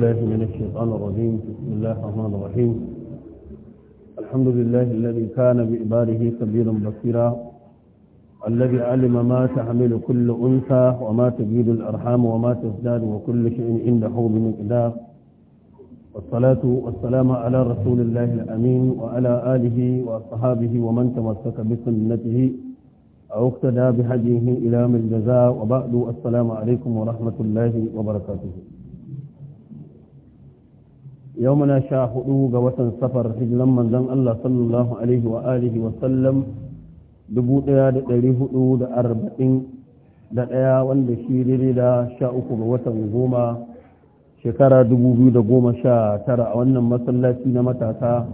بالله من الشيطان الرجيم بسم الله الرحمن الرحيم الحمد لله الذي كان بإباره خبيرا بصيرا الذي علم ما تحمل كل أنثى وما تجيد الأرحام وما تزداد وكل شيء عنده بمقدار والصلاة والسلام على رسول الله الأمين وعلى آله وأصحابه ومن تمسك بسنته أو اقتدى بهديه إلى من الجزاء وبعد السلام عليكم ورحمة الله وبركاته yau muna sha hudu ga watan safar hijiran manzon Allah sallallahu alaihi wa alihi wa sallam dubu daya da dari hudu da arba'in da daya wanda shi daidai da sha uku ga watan goma shekara dubu biyu da goma sha tara a wannan masallaci na matasa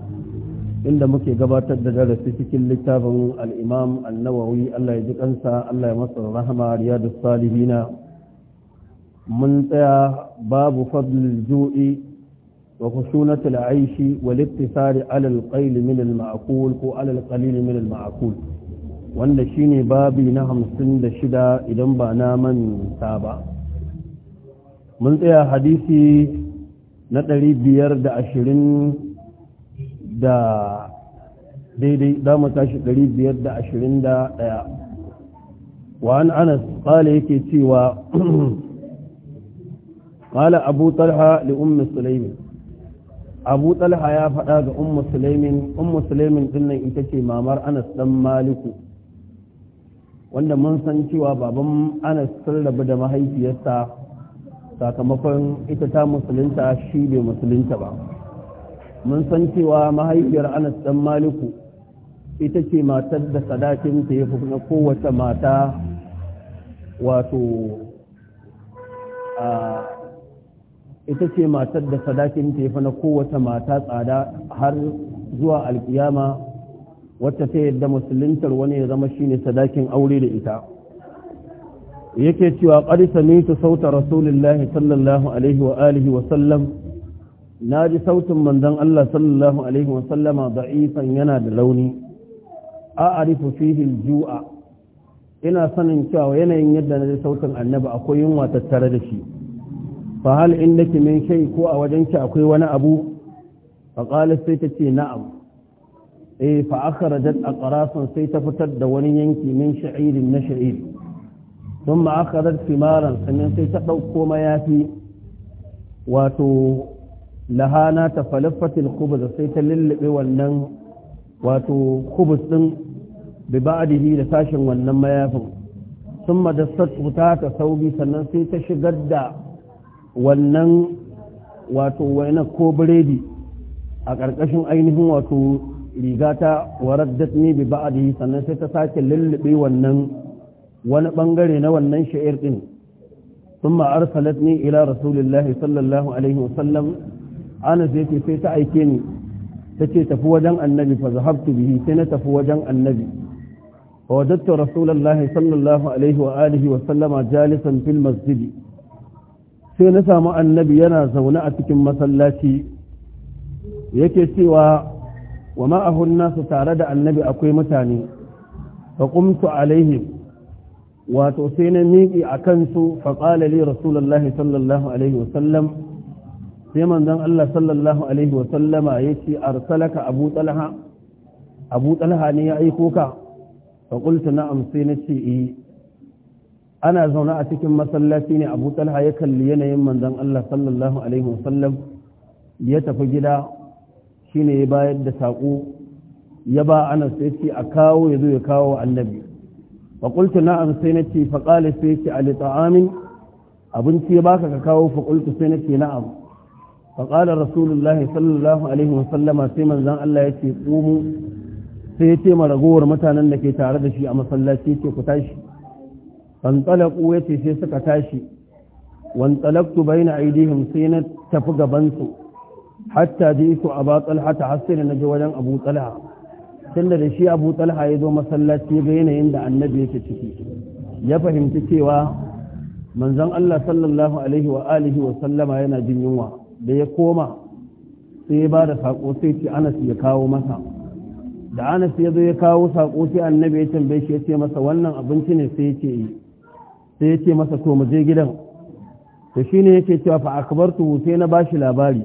inda muke gabatar da darasi cikin littafin al'imam annawawi Allah ya ji kansa Allah ya masa rahama riyadu salihina mun tsaya babu fadlil ju'i وخشونة العيش والاقتصار على القيل من ko وعلى القليل من المعقول wanda shine babi na hamsin da shida idan ba naman manta ba mun tsaya hadisi na ɗari biyar da ashirin da daidai za mu tashi biyar da ashirin da ɗaya وعن أنس قال يكي تيوى قال أبو طلحة لأم سليم abu talha ya faɗa ga ummu sulaimin ummu sulaimin dinnan ita ce mamar anas dan maliku wanda mun san cewa baban anas sun rabu da mahaifiyarsa sakamakon ita ta musulunta shi bai musulunta ba mun san cewa mahaifiyar anas dan maliku ita ce matar da sadakin ta ya na kowace mata wato a ita ce matar da sadakin tefa na kowace mata tsada har zuwa alkiyama wacce ta yadda musuluntar wani ya zama shine sadakin aure da ita yake cewa ƙari samitu sauta rasulullahi sallallahu alaihi wa alihi wa sallam na ji sautin manzon Allah sallallahu alaihi wa sallama da'ifan yana da launi a arifu fihil ju'a ina sanin cewa yanayin yadda na ji sautin annabi akwai yunwa tattare da shi fa hal ki min shay ko a ki akwai wani abu fa qalat sai ta ce na'am eh fa akhrajat aqrasan sai ta fitar da wani yanki min sha'irin na sha'ir ma akhadhat fimaran sannan sai ta ɗauko mayafi wato lahana ta falaffatil khubuz sai ta lullube wannan wato khubuz din bi da sashin wannan mayafin thumma dassat ta saubi sannan sai ta shigar da wannan wato waina ko biredi a ƙarƙashin ainihin wato riga ta waraddat ni bi ba'adi sannan sai ta sake lullube wannan wani ɓangare na wannan sha'ir din thumma arsalatni ila rasulillahi sallallahu alaihi wasallam ana zai ce sai ta aike ni ce tafi wajen annabi fa zahabtu bihi sai na tafi wajen annabi fa wajadtu rasulullahi sallallahu alaihi wa alihi wa sallama jalisan fil masjidi sai na samu annabi yana zaune a cikin masallaci yake cewa wa ma'ahun nasu tare da annabi akwai mutane fa qumtu alaihim wato sai na miƙi a kansu fa qala li rasulullahi sallallahu alaihi wa sallam sai manzon Allah sallallahu alaihi wa sallama yace arsalaka abu talha abu talha ne ya aiko ka fa qultu na'am sai na ce eh ana zaune a cikin masallaci ne abu talha ya kalli yanayin manzon Allah sallallahu alaihi wasallam ya tafi gida shi ne ya bayar da saƙo ya ba ana sai ce a kawo ya zo ya kawo annabi fa qultu na'am sai nace fa qala sai ce ali ta'amin abinci ya baka ka kawo fa qultu sai ce na'am fa qala rasulullahi sallallahu alaihi wasallama sai manzon Allah ya ce qumu sai ya ce ma ragowar mutanen da ke tare da shi a masallaci ce ku tashi fantsalaku ya ce sai suka tashi wantsalaktu bai na aidihim sai na tafi su. hatta ji su a ba tsalha ta hasse na wajen abu tsalha tun da shi abu tsalha ya zo masallaci ga yanayin da annabi yake ciki ya fahimci cewa manzon Allah sallallahu alaihi wa alihi wa sallama yana jin yunwa da ya koma sai ya bada da saƙo sai ce anas ya kawo masa da anas ya zo ya kawo saƙo sai annabi ya tambaye shi ya ce masa wannan abinci ne sai ya ce yi sai ya ce masa to mu je gidan to shine yake cewa fa akbartu sai na bashi labari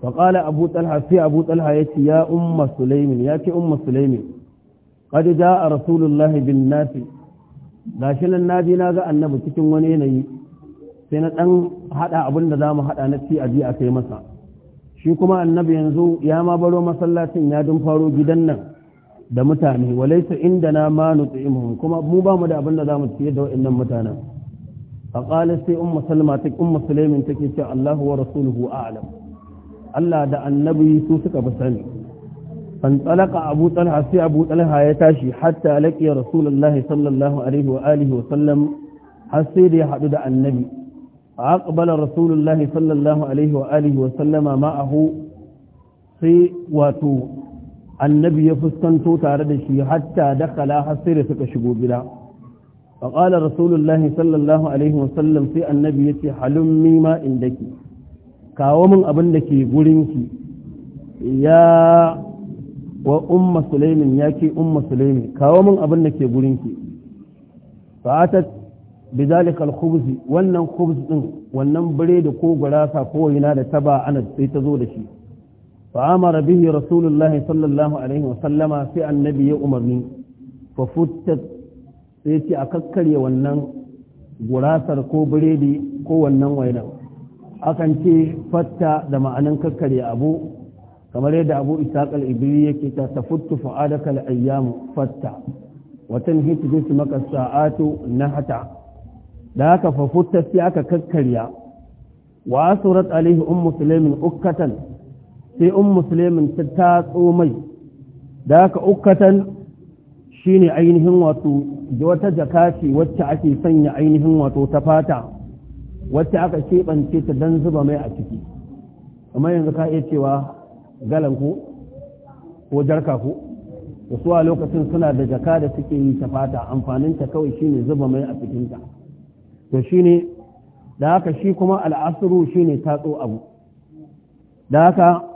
fa qala abu talha sai abu talha yace ya umma sulaimin yace umma sulaimin qad jaa rasulullahi bin nasi gashi nan naji na ga annabi cikin wani yanayi sai na dan hada abin da zamu hada na ci aji a kai masa shi kuma annabi yanzu ya ma baro masallacin ya dun faro gidan nan da mutane walaisa inda na ma nut'imuhum kuma mu ba mu da abin da zamu ciyar da wa'annan mutanen faqala sai ummu salma ta ummu sulaimin take cewa Allahu wa rasuluhu a'lam Allah da annabi su suka fi sani fantalaka abu talha sai abu talha ya tashi hatta laqiya rasulullahi sallallahu alaihi wa alihi wa sallam har sai da ya hadu da annabi aqbala rasulullahi sallallahu alaihi wa alihi wa sallama ma'ahu sai wato annabi ya fuskanto tare da shi hatta dakala har sai da suka shigo gida فقال رسول الله صلى الله sai annabi ya ce يتي حلمي ما عندك kawo min abin da ke gurinki ya wa umma sulaimin ya ke umma sulaimin kawo min abin da ke gurinki fa'atat bi zalika al wannan khubz din wannan biredi ko gurasa ko yana da taba ana sai ta zo da shi فامر به رسول الله Sai الله عليه وسلم في النبي امرني ففتت سيتي اككري wannan gurasar ko biredi ko wannan wainar. akan ce fatta da ma'anin kakkare abu kamar yadda abu isaƙ al-ibri yake ta ta futtu fa'adaka al-ayyam fatta watan hitu bis maka sa'atu nahata da haka fa sai aka kakarya. wa surat alaihi ummu sulaimin ukkatan sai in musulmin ta tatso mai da haka ukkatan shine ainihin wato da wata jaka ce wacce ake sanya ainihin wato ta fata wacce aka keɓance ta don zuba mai a ciki amma yanzu ka iya cewa galan ko ko jarka ko da a lokacin suna da jaka da suke yi ta fata amfaninta kawai shine zuba mai a cikinta to ne da haka shi kuma al'asuru ne tatso abu da haka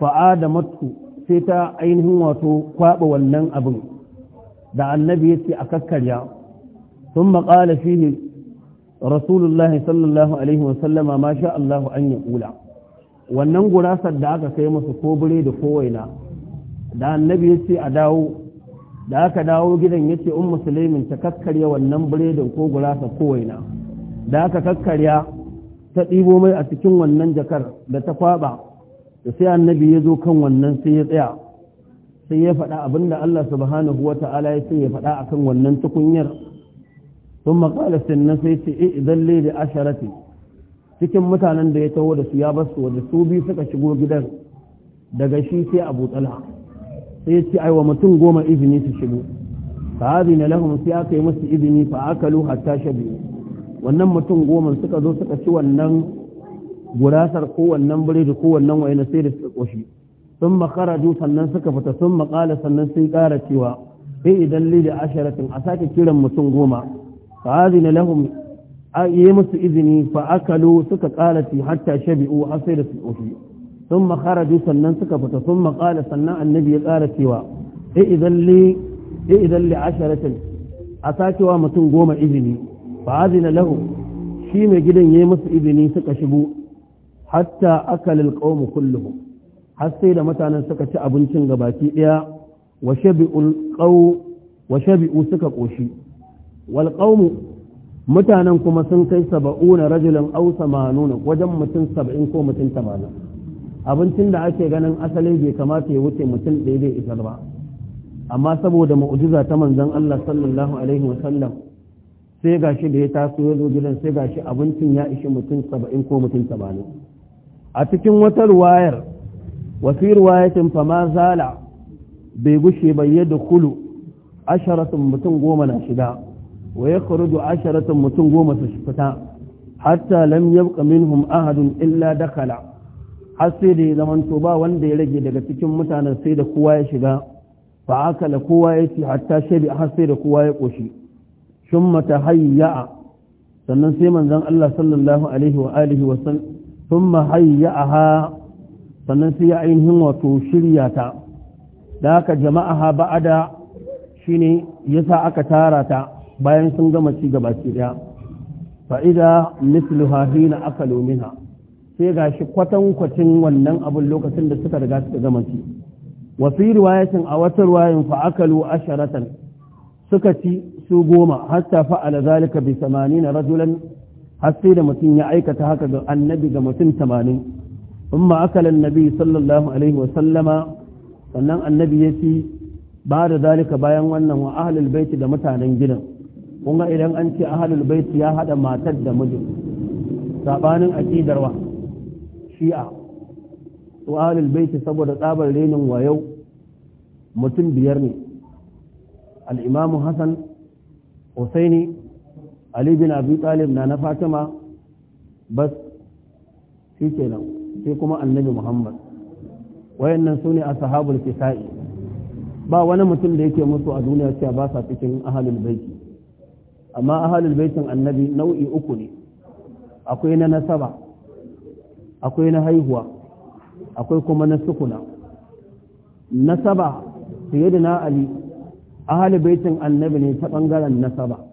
fa'adamatu sai ta ainihin wato kwaɓa wannan abin da annabi ya ce a kakkarya sun maƙala ne rasulullahi sallallahu alaihi wasallama ma sha Allahu an ya wannan gurasar da aka kai masu ko bire da kowaina da annabi ya ce a dawo da aka dawo gidan ya ce un musulmin ta kakkarya wannan biredin ko gurasa kowaina da aka kakkarya ta ɗibo mai a cikin wannan jakar da ta kwaɓa da sai annabi ya zo kan wannan sai ya tsaya sai ya faɗa abinda Allah subhanahu wa ta'ala ya ce ya faɗa akan wannan tukunyar sun maƙalar sannan sai ce e idan da asharati cikin mutanen da ya taho da su ya basu wanda su biyu suka shigo gidan daga shi sai abu tsala sai ya ce wa mutum goma izini su shigo fa na lahum sai aka yi musu izini fa akalu hatta shabi wannan mutum goma suka zo suka ci wannan gurasar kowannan wannan biredi ko waina sai da suka ƙoshi sun makaraju sannan suka fita sun makala sannan sai ƙara cewa sai idan lili da asharatin a sake kiran mutum goma fa azina lahum yi musu izini fa akalu suka ƙara ci hatta shabi'u har sai da su ƙoshi sun makaraju sannan suka fita sun makala sannan annabi ya ƙara cewa sai idan li idan li asharatin a sakewa mutum goma izini fa azina lahum shi mai gidan yayi musu izini suka shigo hatta akalil qawmu kullum har sai da mutanen suka ci abincin gabaki daya wa shabi'ul qaw wa shabi'u suka koshi wal qawmu mutanen kuma sun kai saba'una rajulan aw samanuna wajen mutum 70 ko mutum 80 abincin da ake ganin asali bai kamata ya wuce mutum ɗaya bai isar ba amma saboda mu'jiza ta manzon Allah sallallahu alaihi wa sallam sai gashi da ya taso ya zo gidan sai gashi abincin ya ishi mutum 70 ko mutum 80 a cikin wata ruwayar wafi ruwayatin fama zala bai gushe bai yadda kulu asharatun mutum goma na shiga wa ya kurudu asharatun mutum goma su fita hatta lam yabqa minhum ahadun illa dakala har sai da ya zamanto ba wanda ya rage daga cikin mutanen sai da kowa ya shiga fa akala kowa ya ci hatta shabi har sai da kowa ya koshi shumma tahayya'a sannan sai manzon Allah sallallahu alaihi wa alihi wa sallam sun mahayya aha sannan sai ya ainihin wato shirya ta da haka jama'a ha ba'ada shi ne ya sa aka tara ta bayan sun gama ci gaba ki ɗaya fa'ida misluha hina aka lomiha sai ga shi kwatankwacin wannan abin lokacin da suka riga suka gama ci wasu riwayatin a wata riwayin fa'akalu asharatan suka ci su goma hatta fa'ala zalika bi 80 rajulan har sai da mutum ya aikata haka ga annabi ga mutum tamanin umma akalan nabi sallallahu alaihi wasallama sannan annabi ya ci ba da zalika bayan wannan wa ahlul baiti da mutanen gidan kun idan an ce ahlul baiti ya hada matar da mijin sabanin aqidar wa shi'a wa ahlul baiti saboda tsabar renin wa yau mutum biyar ne al-imamu hasan husaini ali bin abi talib na na fatima bas shi nan. sai kuma annabi muhammad wayannan su ne ashabul kisa'i ba wani mutum da yake musu a duniya cewa ba sa cikin ahalul baiti amma ahalul baitin annabi nau'i uku ne akwai na nasaba akwai na haihuwa akwai kuma na sukuna nasaba fiye da na ali ahalul baitin annabi ne ta bangaren nasaba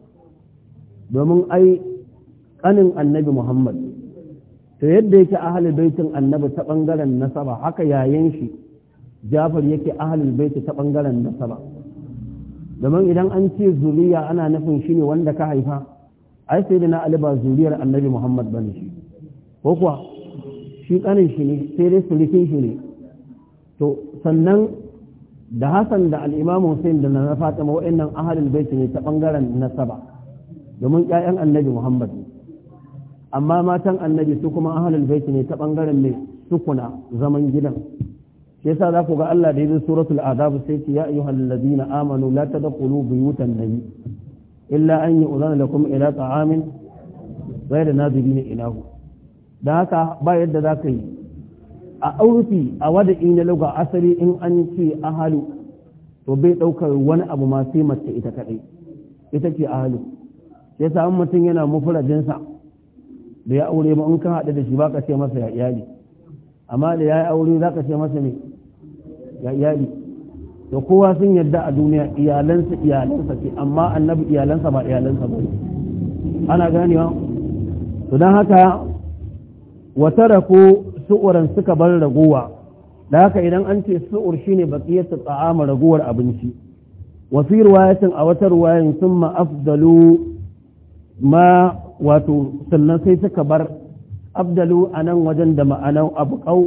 domin ai kanin annabi muhammad to yadda yake ahalul baitin annabi ta bangaren nasaba haka yayin shi jafar yake ahalul baiti ta bangaren nasaba domin idan an ce zuriya ana nufin shi ne wanda ka haifa ai sai da na ali ba zuriyar annabi muhammad bane shi ko kuwa shi kanin shi ne sai dai surikin shi ne to sannan da hasan da al'imamu hussein da na fatima wa'annan ahalul baiti ne ta bangaren nasaba domin ƴaƴan annabi Muhammad ne amma matan annabi su kuma ahlul bait ne ta bangaren mai sukuna zaman gidan shi yasa za ku ga Allah da yayin suratul adab sai ce ya ayyuhal ladina amanu la tadkhulu buyutan nabi illa an yu'zana lakum ila ta'amin ghayra nadirina ilahu da haka ba yadda za ka yi a aurufi a wada'i na lugha asali in an ce ahalu to bai daukar wani abu ma sai mace ita kadai ita ce ahalu sai sa mutum yana mufradinsa da ya aure ba in ka haɗu da shi ba ka ce masa ya iyali amma da ya yi aure za ka ce masa ne ya iyali da kowa sun yadda a duniya iyalansa iyalansa ce amma annabi iyalansa ba iyalansa ba ana ganewa to don haka wata rako su'uran suka bar ragowa da haka idan an ce su'ur shine baqiyatu ta'ama raguwar abinci Wasu fi a wata riwayan summa afdalu ma wato sannan sai suka bar abdalu a nan wajen da abu abuƙau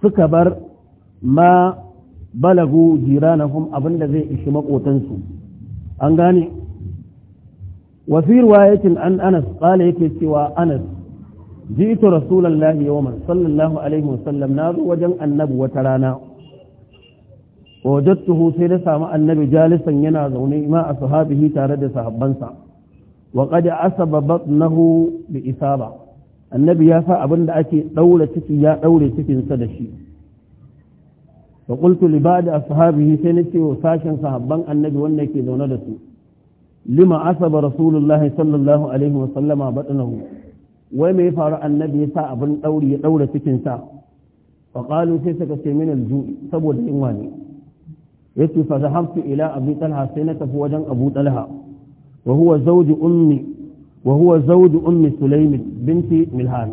suka bar ma balagu jiranahum abinda zai ishi maƙotansu an gane wafi riwayatin an anas ƙala yake cewa anas jitu rasulallahi yawman sallallahu alaihi wasallam na zo wajen annabi wata rana wajattuhu sai da samu annabi jalisan yana zaune ma a sahabihi tare da sahabbansa wa qad asaba batnahu bi isaba annabi ya sa abin da ake daura ciki ya daure cikin da shi fa qultu li ba'd ashabihi sai nace wa sashen sahabban annabi wanda yake zaune da su lima asaba rasulullah sallallahu alaihi wa sallama batnahu wai me ya faru annabi ya sa abin dauri ya daura cikin sa fa qalu sai suka ce min jui saboda inwa ne yace fa zahabtu ila abi talha sai na tafi wajen abu talha وهو زوج أم وهو زوج أم سليم بنت ملهان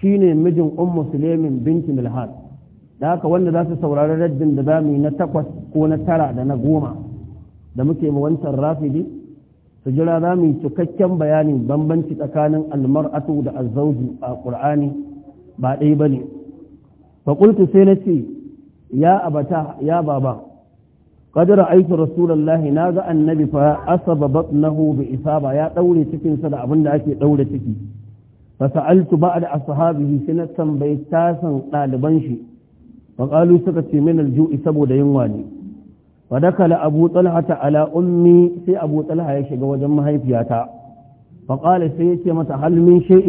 شيني مجن da haka wanda za su saurari raddin da za mu yi na takwas ko na tara da na goma da muke wancan rafidi su jira za mu yi cikakken bayanin bambanci tsakanin almar'atu da azzauju a ƙur'ani ba ɗaya ba ne faƙultu sai na ce ya abata ya baba قد رأيت رسول الله ناغا النبي فأصب بطنه بإصابة يا دولي تكين صدع أبن أكي دولي تكي فسألت بعد أصحابه سنة بيتاسا طالبان شي فقالوا سكتي من الجوء سبو دينواني ودخل أبو طلحة على أمي سي أبو طلحة يشيق وجمها يفياتا فقال سيتي متى هل من شيء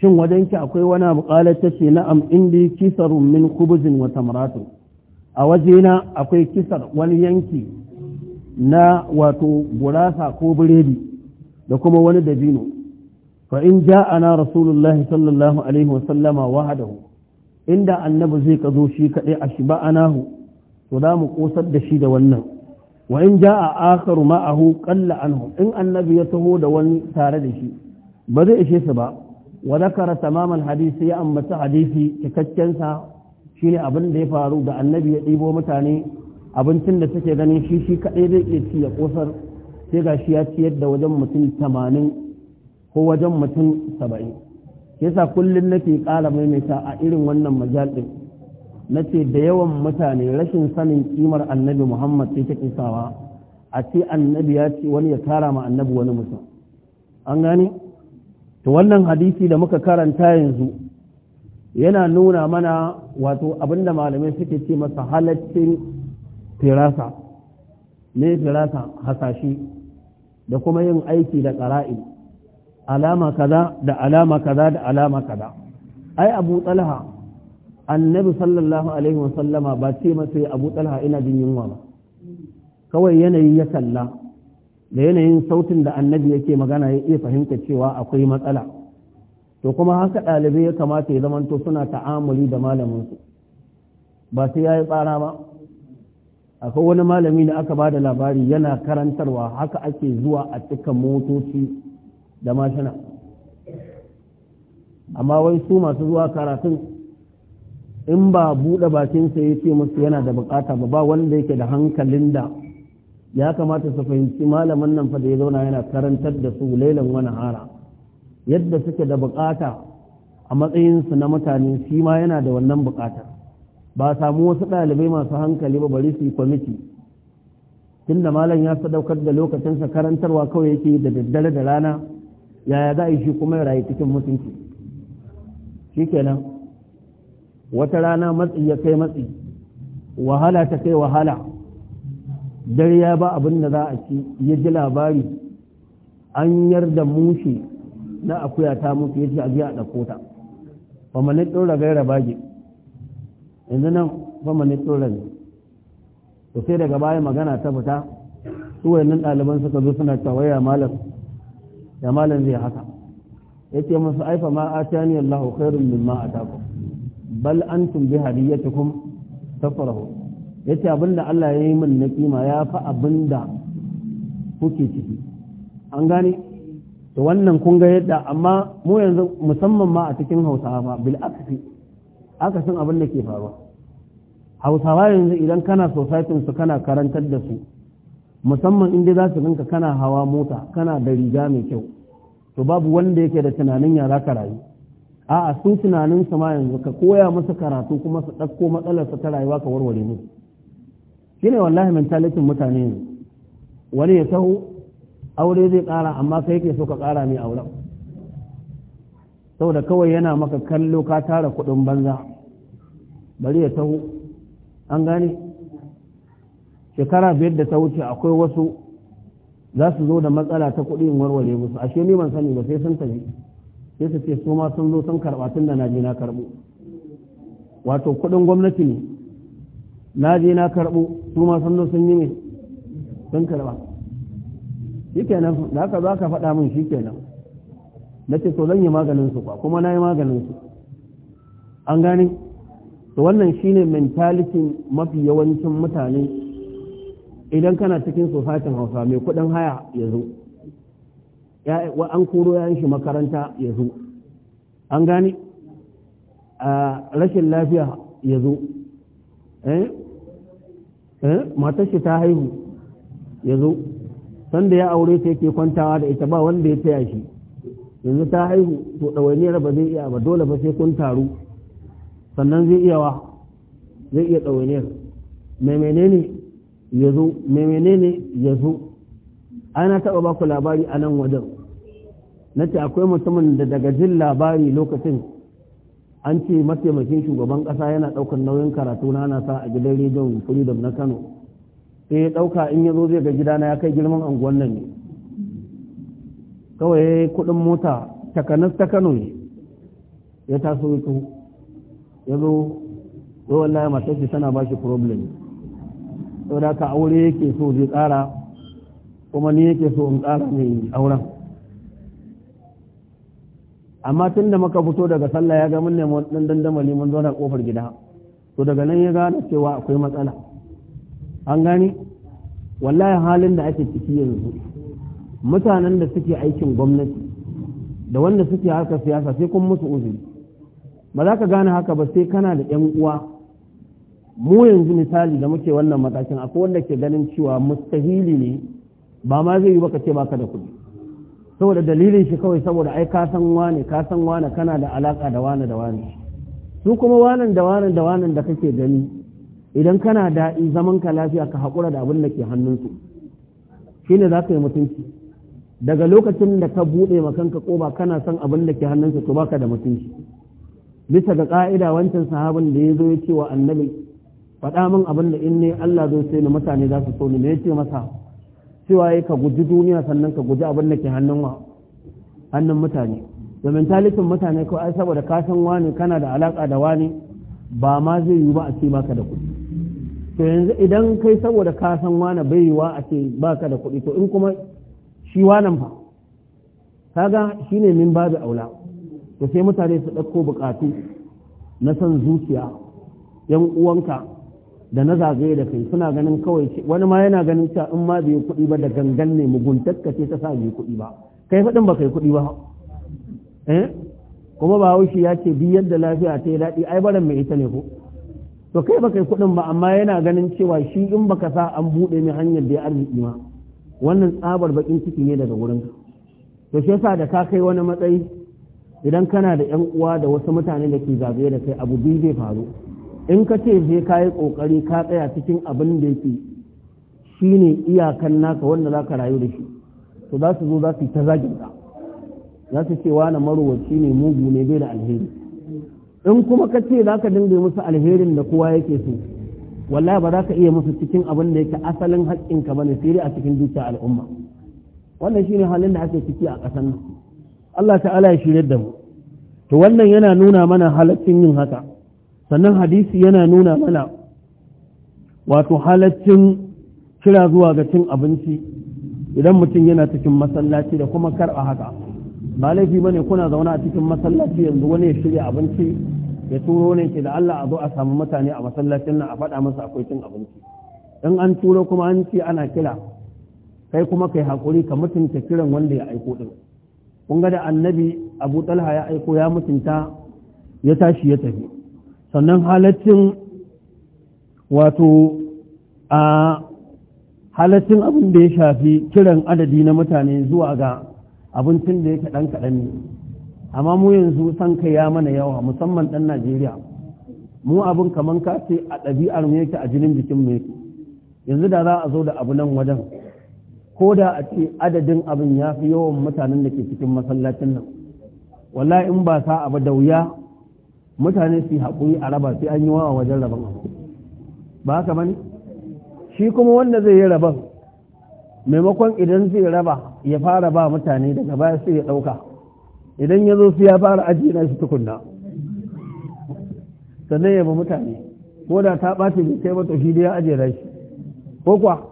شن ودنك أقوي وانا قالت تشي نعم عندي كسر من خبز وتمرات a wajena akwai kisar wani yanki na wato gurasa ko biredi da kuma wani dabino fa in ja'ana rasulullahi sallallahu alaihi wasallama wahadahu inda annabi zai ka zo shi kaɗai a shi ba'anahu to za mu ƙosar da shi da wannan wa in ja'a akharu ma'ahu qalla anhu in annabi ya taho da wani tare da shi ba zai ishe su ba wa zakara tamaman hadisi ya ambata hadisi cikakken sa shine abin da ya faru da annabi ya ɗibo mutane abincin da take ganin shi shi kaɗai zai iya ci ya ƙosar sai ga shi ya ciyar da wajen mutum tamanin ko wajen mutum saba'in yasa kullum nake ƙara maimaita a irin wannan majal ɗin na ce da yawan mutane rashin sanin ƙimar annabi muhammad sai ta kisawa a ce annabi ya ce wani ya tara ma annabi wani mutum an gane to wannan hadisi da muka karanta yanzu yana nuna mana wato abinda malamai suke ce masa halaccin firasa ne firasa hasashi, da kuma yin aiki da ƙara'i alama kaza da alama kaza da alama kaza ai abu talha annabi sallallahu alaihi wasallama ba ce masa abu talha ina jin yunwa ba kawai yanayi ya kalla da yanayin sautin da annabi yake magana ya iya fahimta cewa akwai matsala to kuma haka ɗalibai ya kamata ya zamanto suna ta'amuli da malaminsu ba sai ya yi tsara ba akwai wani malami da aka ba da labari yana karantarwa haka ake zuwa a cikin motoci da mashina amma wai su masu zuwa karatun in ba buɗe bakinsa ya ce musu yana da bukata ba ba wanda yake da hankalin da ya kamata su fahimci malamin nan fa da ya zauna yana karantar da su lailan wani hara yadda suke da bukata a matsayinsu na mutane shi ma yana da wannan bukatar ba samu wasu ɗalibai masu hankali ba bari su yi kwamiti tun da malam ya sadaukar da lokacinsa karantarwa kawai yake da daddare da rana yaya za a yi shi kuma ya rayu cikin mutunci kenan. wata rana matsi ya kai matsi wahala ta kai wahala dare ya ba abin da za a ci ya ji labari an yar da mushe na akuya ta mutu ya ce a biya a ɗauko ta ba ma ne gaira yanzu nan ba ma ne ne to sai daga baya magana ta fita su wayannan ɗaliban suka zo suna cewa ya malam ya malam zai haka yace masu aifa ma atani Allahu khairun a taku bal an antum bi hadiyatikum tafrahu yace abinda Allah ya yi min na kima ya fa abinda kuke ciki an gane to wannan kun ga yadda amma mu yanzu musamman ma a cikin hausawa bil aksi akasin abin da ke faruwa hausawa yanzu idan kana societin su kana karantar da su musamman inda za su ganka kana hawa mota kana da riga mai kyau to babu wanda yake da tunanin ya zaka rayu a'a su tunanin su ma yanzu ka koya musu karatu kuma su ɗauko matsalar su ta rayuwa ka warware musu shine wallahi mentality mutane yanzu wani ya taho aure zai ƙara amma kai ke so ka ƙara mai auren saboda kawai yana maka kallo ka tara kuɗin banza bari ya taho an gane shekara biyar da ta wuce akwai wasu za su zo da matsala ta kuɗi in warware musu ashe ni ban sani ba sai sun tafi sai su ce su ma sun zo sun karɓa tun da na je na karɓo wato kuɗin gwamnati ne na je na karɓo su ma sun zo sun yi ne sun karɓa shikenan da haka za ka faɗa min shikenan na ce to zan yi maganin su ba kuma na yi maganin su an gane to wannan shine mentality mafi yawancin mutane idan kana cikin sosatin hausa mai kuɗin haya ya zo an koro yayin shi makaranta ya zo an gane a rashin lafiya ya zo eh? Eh? matar shi ta haihu ya zo sanda ya aure ta yake kwantawa da ita ba wanda ya taya shi yanzu ta haihu to ɗawainiyar ba zai iya ba dole ba sai kun taru sannan zai iya wa zai iya ɗawainiyar mai menene ya zo mai menene ya zo na taɓa ba labari a nan wajen na ce akwai mutumin da daga jin labari lokacin an ce mataimakin shugaban ƙasa yana ɗaukar nauyin karatu na ana sa a gidan rediyon freedom na kano sai ya ɗauka in yazo zai ga gidana ya kai girman anguwan nan ne kawai kuɗin mota takanas ta kano ne ya taso ya ya zo wallahi matar shi tana bashi shi problem da ka aure yake so zai tsara kuma ni yake so in tsara mai auren amma tun da muka fito daga sallah ya ga mun ne mun dandamali mun zo na kofar gida to daga nan ya gane cewa akwai matsala an gani wallahi halin da ake ciki yanzu mutanen da suke aikin gwamnati da wanda suke harkar siyasa sai kun musu uzuri ba za ka gane haka ba sai kana da yan uwa mu yanzu misali da muke wannan matakin akwai wanda ke ganin cewa mustahili ne ba ma zai yi baka ce ka da kuɗi saboda dalilin shi kawai saboda ai ka san wane ka san wane kana da alaka da wane da wane su kuma wane da wane da wane da kake gani idan kana da zaman ka lafiya ka haƙura da abin da ke hannunsu shi ne za ka yi mutunci daga lokacin da ka buɗe makanka ƙoba kana son abin da ke hannunsu to baka da mutunci bisa ga ƙa'ida wancan sahabin da ya zo ya ce wa annabi faɗa min abin da in ne Allah zo sai ni mutane za su so ni me ya ce masa cewa ya ka guji duniya sannan ka guji abin da ke hannun wa hannun mutane da talifin mutane ko ai saboda ka san wani kana da alaka da wani ba ma zai yi ba a ce baka da kuɗi to yanzu idan kai saboda ka san wani baiwa a ce baka da kuɗi to in kuma shi wanan fa kaga shine min babu aula to sai mutane su ɗauko buƙatu na san zuciya yan uwanka da na zagaye da kai suna ganin kawai wani ma yana ganin cewa in ma bai kuɗi ba da gangan ne muguntakka ce ta sa bai kuɗi ba kai faɗin ba kai kuɗi ba eh? kuma ba haushi ya ce bi yadda lafiya ta yi daɗi ai baran mai ita ne ko to kai baka yi kuɗin ba amma yana ganin cewa shi in baka sa an buɗe mai hanyar da ya arziki ma wannan tsabar bakin ciki ne daga wurin to shi yasa da ka kai wani matsayi idan kana da yan uwa da wasu mutane da ke zagaye da kai abu biyu zai faru in ka ce zai ka yi kokari ka tsaya cikin abin da yake shine iyakan naka wanda za ka rayu da shi to za su zo za su yi ta zagin ka za su ce wani marowaci ne mugu ne bai da alheri in kuma ka ce za ka dinga musu alherin da kowa yake so wallahi ba za ka iya musu cikin abin da yake asalin haƙƙinka ba ne sai a cikin dukiya al'umma wannan shine halin da ake ciki a ƙasar nan Allah ta'ala ya shirye da mu to wannan yana nuna mana halaccin yin haka sannan hadisi yana nuna mana wato halaccin kira zuwa ga cin abinci idan mutum yana cikin masallaci da kuma karɓa haka ba laifi bane kuna zauna a cikin masallaci yanzu wani ya shirya abinci ya turo ne ke da Allah a zo a samu mutane a masallacin nan a faɗa masa akwai cin abinci in an turo kuma an ce ana kira kai kuma kai hakuri ka mutunta kiran wanda ya aiko din kun ga da annabi Abu Talha ya aiko ya mutunta ya tashi ya tafi sannan halaccin wato a halaccin abin da ya shafi kiran adadi na mutane zuwa ga abincin da yake ɗan kaɗan ne amma mu yanzu san kai ya mana yawa musamman ɗan najeriya mu abin kaman ka ce a ɗabi'ar mu yake a jinin jikin mu yake yanzu da za a zo da abu nan wajen ko da a ce adadin abin ya fi yawan mutanen da ke cikin masallacin nan wallahi in ba sa abu da wuya mutane su haƙuri a raba sai an yi wa wajen rabon abu ba haka bane shi kuma wanda zai yi rabon maimakon idan zai raba ya fara ba mutane daga baya sai ya ɗauka idan ya zo su ya fara ajiye na shi tukunna sannan ya ba mutane ko da ta ɓace bai kai mata shi da ya ajiye na shi ko kuwa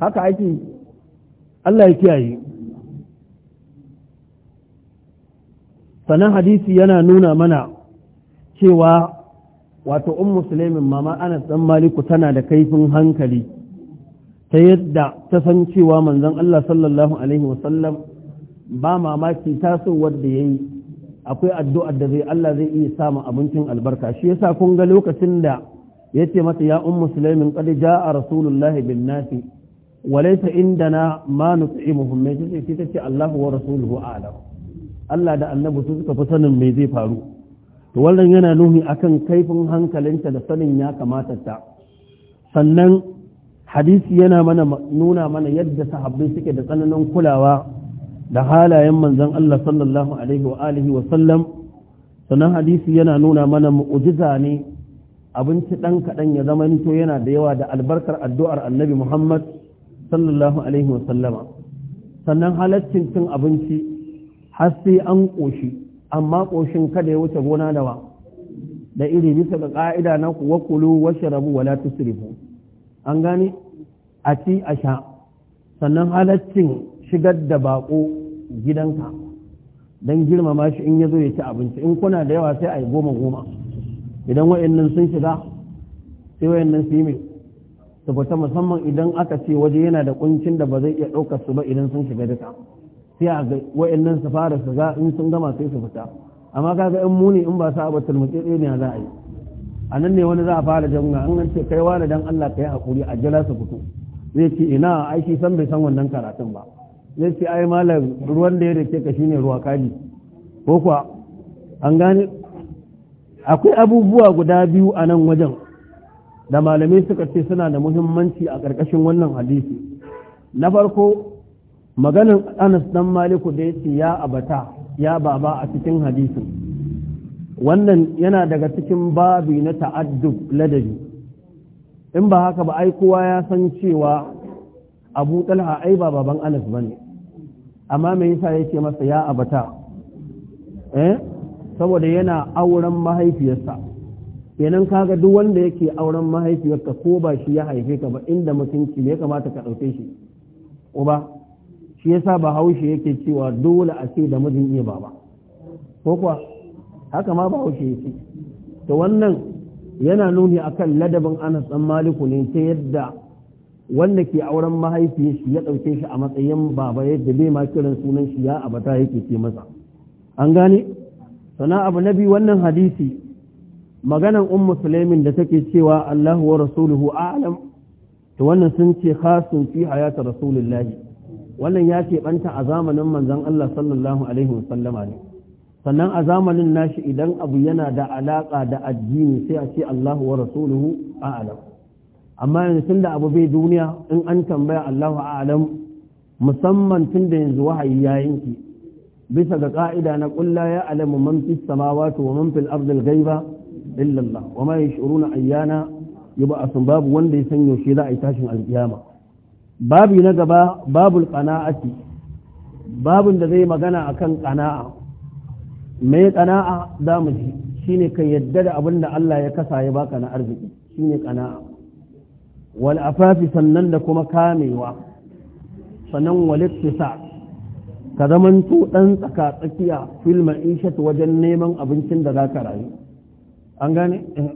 haka ake Allah ya kiyaye sannan hadisi yana nuna mana cewa wato ummu sulaimin mama ana dan maliku tana da kaifin hankali ta yadda ta san cewa manzon Allah sallallahu alaihi wasallam ba mamaki tasowar da ya yi akwai addu'ar da zai Allah zai iya samun abincin albarka shi yasa kun ga lokacin da ya ce mata ya un musulmin ƙadi ja a rasulullahi bin Nafi wa inda na ma nutsi muhimmai shi ce ta ce wa rasuluhu alam Allah da annabi su suka fi sanin mai zai faru to wannan yana nuhi akan kaifin hankalinta da sanin ya kamata ta sannan hadisi yana mana nuna mana yadda sahabbai suke da tsananin kulawa da halayen manzon Allah sallallahu alaihi wa alihi wa sallam sannan hadisi yana nuna mana mu'jiza ne abinci dan kadan ya zama to yana da yawa da albarkar addu'ar annabi Muhammad sallallahu alaihi wa sallama sannan halaccin cin abinci har sai an koshi amma koshin kada ya wuce gona da wa da iri bisa ga ka'ida na kuwa kulu washrabu wala tusrifu an gane a ci a sha sannan halaccin shigar da bako gidanka don girmama shi in yazo ya ci abinci in kuna da yawa sai a yi goma goma idan wa'annan sun shiga sai wa'annan su yi mai su fita musamman idan aka ce waje yana da kuncin da ba zai iya ɗaukar su ba idan sun shiga duka sai a ga wa'annan su fara ga in sun gama sai su fita amma kaga in muni in ba sa abatul mutsiri ne za a yi a nan ne wani za a fara jami'a an ce kai wani dan Allah kai hakuri a jira su fito zai ce ina ai shi san bai san wannan karatun ba zai ce ai malam ruwan da ya rike ka shine ruwa kaji ko kuwa an gane akwai abubuwa guda biyu a nan wajen da malamai suka ce suna da muhimmanci a ƙarƙashin wannan hadisi na farko maganin anas dan maliku da ya ce ya abata ya baba a cikin hadisin wannan yana daga cikin babi na ta'addub ladabi in ba haka ba ai kowa ya san cewa abu talha ai ba baban anas ba ne amma me yasa ya ce masa ya abata eh saboda yana auren mahaifiyarsa kenan kaga duk wanda yake auren mahaifiyarka ko ba shi ya haife ka ba inda mutunci ne kamata ka ɗauke shi uba shi yasa ba haushi yake cewa dole a ce da mijin iya baba ko kuwa haka ma bahaushe yake to wannan yana nuni akan ladabin anas dan maliku ne ta yadda wanda ke auren mahaifiyar shi ya ɗauke shi a matsayin baba yadda bai ma kiran sunan shi ya abata yake ce masa an gane sana abu na biyu wannan hadisi maganan ummu sulaimin da take cewa Allahu wa rasuluhu a'lam to wannan sun ce khasun fi hayati rasulillah wannan ya ce banta a zamanin manzon Allah sallallahu alaihi wasallama ne sannan a zamanin nashi idan abu yana da alaƙa da addini sai a ce Allahu wa rasuluhu a'lam amma yanzu tunda abu bai duniya in an tambaya Allahu a'lam musamman tunda yanzu wahayi ya yanki bisa ga ka'ida na kulla ya alamu man fi samawati wa man fil ardi ghaiba illa wa ma yashuruna ayyana yub'asun babu wanda ya san yaushe za a yi tashin alkiyama Babu na gaba babul qana'ati babin da zai magana akan qana'a mai kana'a za mu ji shi ne ka yadda da abin da Allah ya kasa ya baka na arziki shi ne kana'a wal afafi sannan da kuma kamewa sannan wal fisa ka zamanto dan tsaka tsakiya fil ma'ishat wajen neman abincin da zaka rayu an gane eh.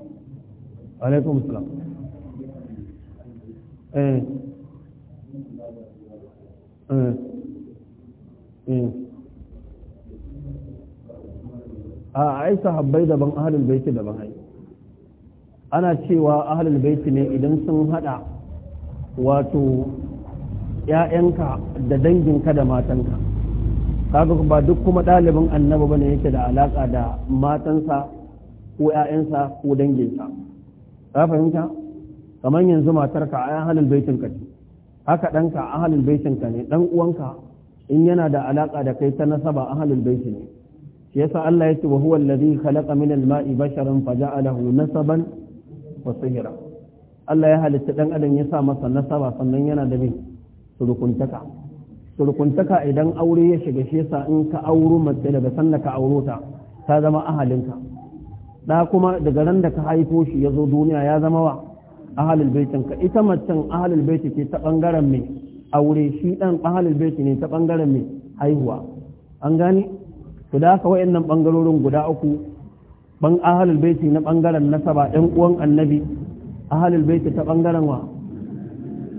alaikum salam eh eh eh a ai sahabbai daban ahlul baiti daban ai ana cewa ahlul baiti ne idan sun hada wato ‘ya'yanka da danginka da matanka kaga ba duk kuma ɗalibin annabi bane yake da alaƙa da matansa ko ‘ya'yansa ko danginsa ka fahimta kamar yanzu matarka a halin baitin ce haka ɗanka a halin ka ne ɗan uwanka in yana da alaƙa da kai ta nasaba a halin baiti ne yasa Allah ce wa huwa alladhi khalaqa min al-ma'i basharan faja'alahu nasaban wa sihra Allah ya halitta dan adam ya sa masa nasaba sannan yana da mai surukuntaka surukuntaka idan aure ya shiga shi yasa in ka auro mace daga sannan ka auro ta ta zama ahalinka da kuma daga ran da ka haifo shi ya zo duniya ya zama wa ahalul baitin ka ita macen ahalul baiti ke ta bangaren mai aure shi dan ahalul baiti ne ta bangaren mai haihuwa an gane to da haka wayannan bangarorin guda uku ban ahalul baiti na bangaren nasaba ɗan uwan annabi ahalul baiti ta bangaren wa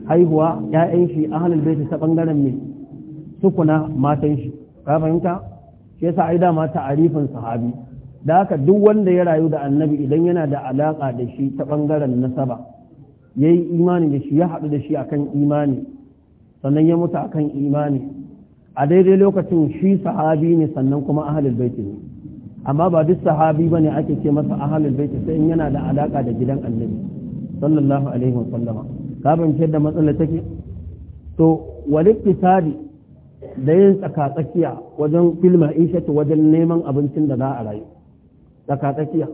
haihuwa yayan shi ahalul baiti ta bangaren mai sukuna matan shi ka fahimta shi yasa ai dama arifin sahabi da haka duk wanda ya rayu da annabi idan yana da alaka da shi ta bangaren nasaba yayi imani da shi ya haɗu da shi akan imani sannan ya mutu akan imani a daidai lokacin shi sahabi ne sannan kuma ahalul baiti ne amma ba duk sahabi ba ne ake ce masa ahalul baiti sai in yana da alaka da gidan annabi sallallahu alaihi wa ka fahimci da matsalar take to walittisari da yin tsakatsakiya wajen filma ishatu wajen neman abincin da za a rayu tsakatsakiya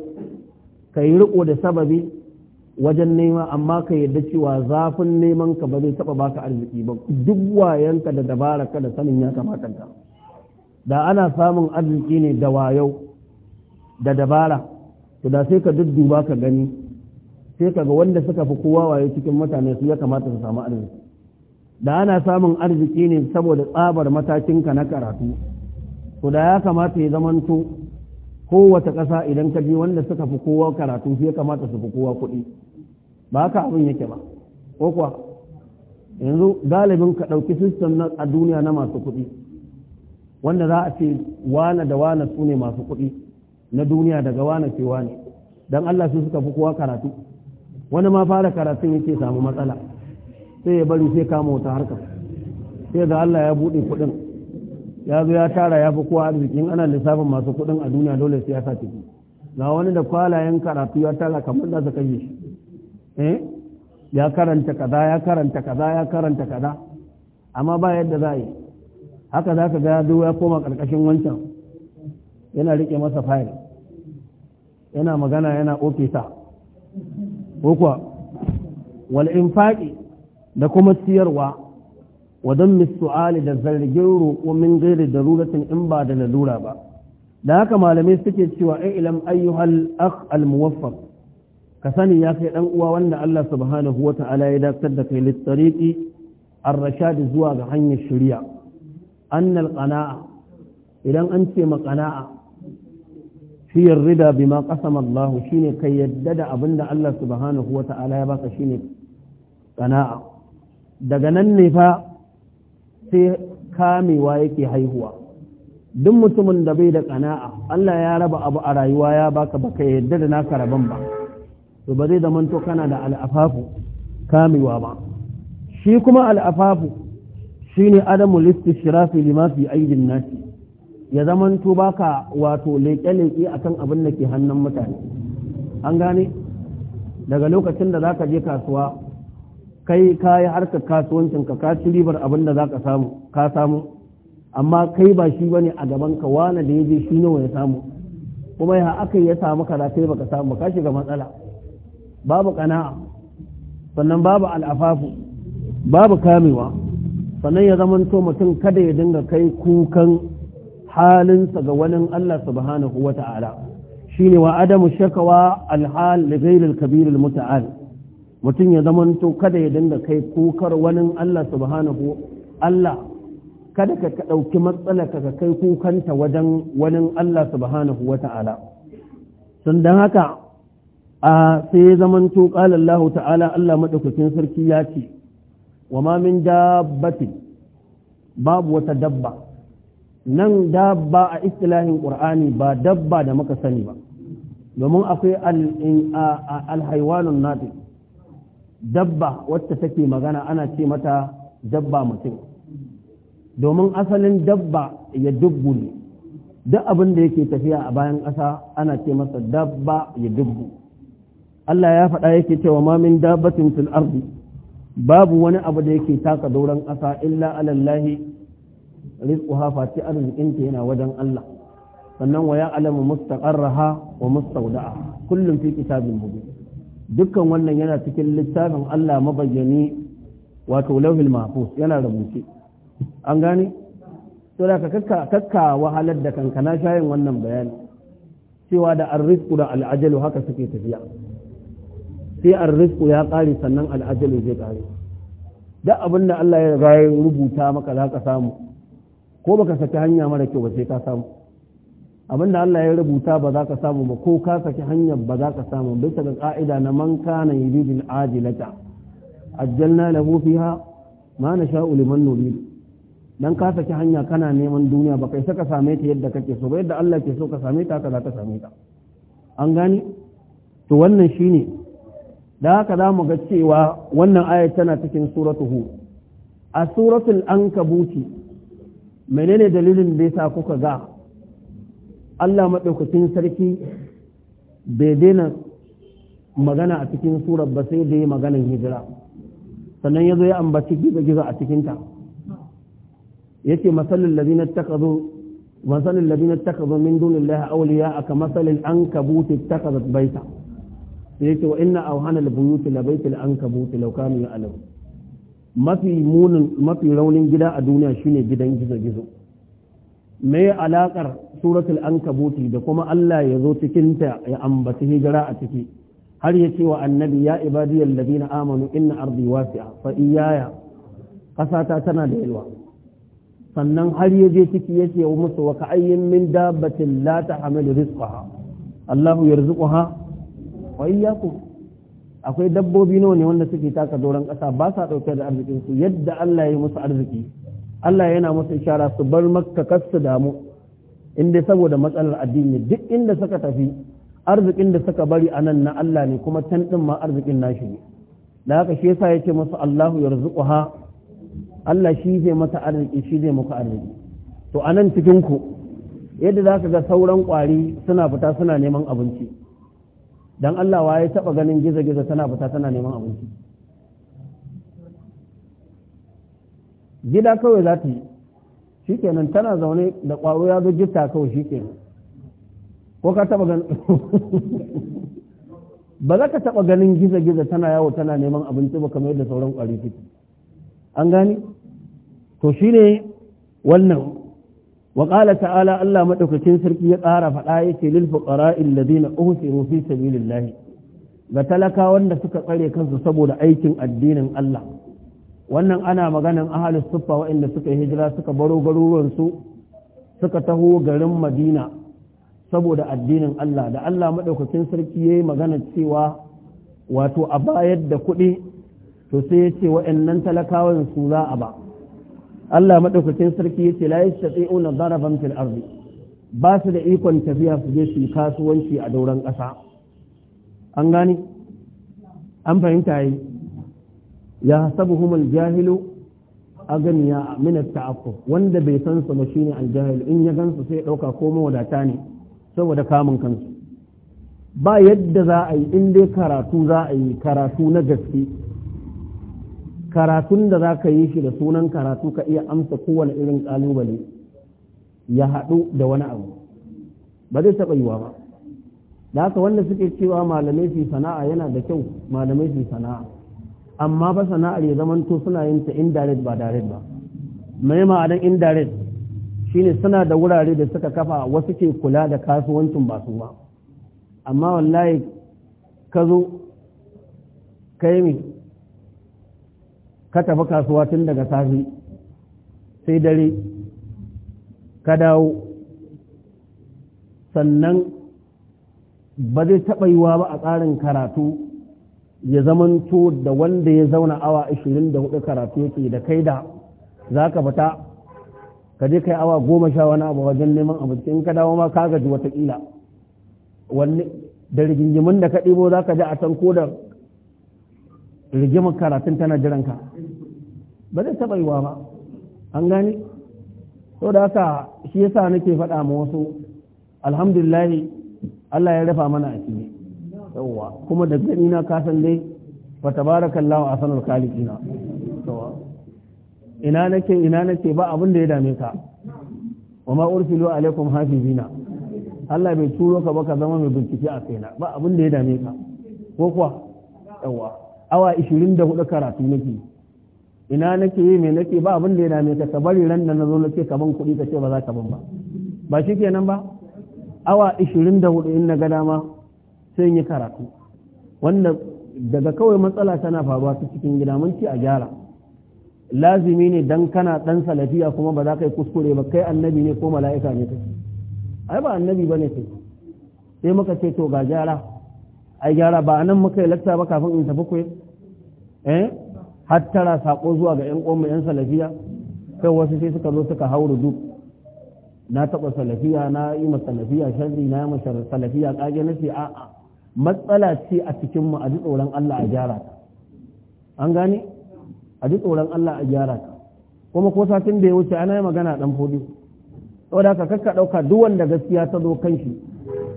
ka yi riko da sababi wajen nema amma ka yadda cewa zafin neman ka ba zai taba baka arziki ba duk wayanka da dabara ka da sanin ya kamata ka da ana samun arziki ne da wayo da dabara to da sai ka dudduba ka gani sai ka ga wanda suka fi kowa waye cikin mutane su ya kamata su samu arziki da ana samun arziki ne saboda tsabar matakin ka na karatu to da ya kamata ya zamanto kowace ƙasa idan ka je wanda suka fi kowa karatu ya kamata su fi kowa kuɗi ba haka abin yake ba ko kuwa yanzu galibin ka ɗauki sistem na a duniya na masu kuɗi wanda za a ce wane da wane su ne masu kuɗi na duniya daga wane ce wane don Allah su suka fi kowa karatu wani ma fara karatun yake samu matsala sai ya bari sai kama wata harkar sai ga Allah ya buɗe kuɗin ya zo ya tara ya fi kowa arzikin ana lissafin masu kuɗin a duniya dole sai ya sa ciki ga wani da kwalayen karatu ya tara kamar da su kashe shi eh ya karanta kaza ya karanta kaza ya karanta kaza amma ba yadda za yi haka za ka ga ya ya koma ƙarƙashin wancan yana rike masa fayil yana magana yana ofisa ko kuwa wal infaqi da kuma siyarwa wa dan misu'ali da zargin roƙo min gairi daruratin in ba da lalura ba da haka malamai suke cewa ilam ayyuhal akh al muwaffaq ka sani ya kai dan uwa wanda Allah subhanahu ta'ala ya dakatar da kai littariki ar-rashad zuwa ga hanyar shari'a annal qana'a idan an ce ma qana'a shi rida bima qasama Allah shine kai yadda da abinda Allah subhanahu ta'ala ya baka shine qana'a daga nan ne fa sai kamewa yake haihuwa duk mutumin da bai da qana'a Allah ya raba abu a rayuwa ya baka baka yadda da naka raban ba to ba zai zamanto kana da al'afafu kamewa ba shi kuma al'afafu shi ne adamu listi shirafi limafi aijin nasi ya zamanto baka wato leƙe-leƙe akan abin da ke hannun mutane an gane daga lokacin da za ka je kasuwa kai ka yi harkar kasuwancinka ka ci ribar abin da za ka samu ka amma kai ba shi bane a gaban wane da ya je shi nawa ya samu kuma ya aka ya samu karatai baka samu ka shiga matsala babu ƙana'a sannan babu al'afafu babu kamewa sannan ya zama to mutum kada ya dinga kai kukan halinsa ga wani Allah subhanahu wa ta'ala shi ne wa adamu shakawa alhal da gairil kabiril muta'al mutum ya zama to kada ya dinga kai kukar wani Allah subhanahu Allah kada ka ɗauki matsala ka kai kukanta wajen wani Allah subhanahu wa ta'ala sun don haka a sai zaman zamanto qala Allah ta'ala Allah madaukakin sarki ya ce wa ma min dabbatin babu wata dabba nan dabba a istilahin qur'ani ba dabba da muka sani ba domin akwai alhaiwanun nati dabba wacce take magana ana ce mata dabba mutum domin asalin dabba ya dubbu ne duk abin da yake tafiya a bayan ƙasa ana ce masa dabba ya dubbu Allah ya faɗa yake cewa ma min dabbatin fil ardi babu wani abu da yake taka doron ƙasa illa alallahi rizquha fati arzikin ta yana wajen Allah sannan wa ya'lamu mustaqarraha wa mustawda'aha kullum fi kitabin mubin dukkan wannan yana cikin littafin Allah mabayyani wato lauhil mahfuz yana rubuce an gane to da kakka kakka wahalar da kankana shayin wannan bayani cewa da arrisku da al'ajalu haka suke tafiya sai arziku ya ƙare sannan al'ajalu zai ƙare duk abin da Allah ya ya rubuta maka za ka samu ko baka saki hanya mara kyau ba sai ka samu abin da Allah ya rubuta ba za ka samu ba ko ka saki hanyar ba za ka samu bisa ga ka'ida na man kana yuridul ajilata ajjalna lahu fiha ma nasha'u liman nurid dan ka saki hanya kana neman duniya ba kai saka same ta yadda kake so ba yadda Allah ke so ka same ta haka za ka same ta an gane to wannan shine da haka za mu ga cewa wannan ayat tana cikin suratu hu a suratul ankabuti menene dalilin da yasa kuka ga Allah maɗaukacin sarki bai daina magana a cikin surar ba sai da ya maganin hijira sannan ya zo ya ambaci gizo-gizo a cikinta ya ce masalin labinar takazo masalin labinar takazo min dunin laha auliya aka masalin an kabuti baita sai yake wa inna awhana al la baytul ankabut law kanu ya'lamu mafi munin mafi raunin gida a duniya shine gidan gizo gizo me alakar suratul ankabuti da kuma Allah ya zo cikin ta ya ambaci hijira a ciki har ya ce wa annabi ya ibadiyal ladina amanu inna ardi wasi'a fa iyaya kasata tana da yalwa sannan har ya je ciki ya ce wa musu wa ka'ayyin min dabbatin la ta'amilu rizqaha Allah yarzuquha wayyaku akwai dabbobi nawa ne wanda suke taka doron ƙasa ba sa ɗauke da arzikin su yadda Allah ya yi musu arziki Allah yana musu ishara su bar makka kasu su damu inda saboda matsalar addini duk inda suka tafi arzikin da suka bari a nan na Allah ne kuma can ɗin ma arzikin nashi ne da haka shi yasa yake musu Allahu yarzuquha Allah shi zai mata arziki shi zai muku arziki to a nan cikin ku yadda za ka ga sauran kwari suna fita suna neman abinci dan Allah wa ya taba ganin gizo-gizo tana fita tana neman abinci gida kawai za ta yi shikenan tana zaune da ƙwaro ya zo gifta kawai shikenan ko ka taba ganin ba za ka taba ganin gizo-gizo tana yawo tana neman abinci ba kamar yadda sauran ƙwari suke an gani to shine wannan wa qala ta'ala Allah madaukakin sarki ya kara faɗa yake lil fuqara'il ladina uhsiru fi sabilillahi ga talaka wanda suka tsare kansu saboda aikin addinin Allah wannan ana maganan ahalus suffa waɗanda suka yi hijira suka baro garuruwansu suka taho garin Madina saboda addinin Allah da Allah madaukakin sarki yayi magana cewa wato a bayar da kuɗi to sai ya ce waɗannan talakawan su za a ba Allah madaukakin sarki yace la yastati'una daraban fil ardi ba su da ikon tafiya su je su kasuwanci a dauran ƙasa an gani an fahimta yi ya sabuhum aljahilu aganiya min at-ta'aqqu wanda bai san su ba shine aljahil in ya gansu sai ɗauka ko mawadata ne saboda kamun kansu ba yadda za a yi in dai karatu za a yi karatu na gaske karatun da za ka yi shi da sunan karatu ka iya amsa kowane irin kalubale ya haɗu da wani abu ba zai taɓa yiwa ba da haka wanda suke cewa malamai fi sana'a yana da kyau malamai fi sana'a amma ba sana'ar ya zamanto suna yin ta indirect ba direct ba mai ma'adan indirect shine suna da wurare da suka kafa wasu ke kula da kasuwancin ba su ba amma wallahi ka zo kai mai ka tafi kasuwa tun daga safi sai dare ka dawo sannan ba zai taɓa yiwa ba a tsarin karatu ya zamanto da wanda ya zauna awa 24 karatu yake da kai da za ka fita ka je kai awa goma sha wani abu wajen neman abinci in ka dawo ma ka gaji watakila wanne da rigingimin da ka ɗibo za ka ji a can ko da rigimar karatun tana jiranka ba zai taɓa yiwa ba an gane so da haka shi yasa nake faɗa ma wasu alhamdulillah Allah ya rafa mana a cikin yawwa kuma da gani na kasan dai wa tabarakallahu a sanar Yawwa. ina nake ina nake ba abin da ya dame ka wa ma ursilu alaikum hafizina Allah bai turo ka ba ka zama mai bincike a kaina ba abin da ya dame ka ko kuwa yawwa awa 24 karatu nake ina nake yi me nake ba abin da ya dame ka bari ran da na zo nake ka ban kuɗi ka ce ba za ka ban ba ba shi kenan ba awa 24 in na ga dama sai yi karatu wanda daga kawai matsala tana faruwa ta cikin gida mun ci a gyara lazimi ne dan kana dan salafiya kuma ba za ka yi kuskure ba kai annabi ne ko mala'ika ne kai ai ba annabi bane kai sai muka ce to ga gyara ai gyara ba anan muka yi lakta ba kafin in tafi kuwa eh hattara sako zuwa ga yan uwanmu yan salafiya kai wasu sai suka zo suka hauru duk na taɓa salafiya na yi ma salafiya sharri na yi ma salafiya ƙage na ce a'a matsala ce a cikin mu a ji tsoron Allah a gyara ta an gane a ji tsoron Allah a gyara ta kuma ko satin da ya wuce ana yi magana dan fodi saboda ka kakka ɗauka duk wanda gaskiya ta zo kan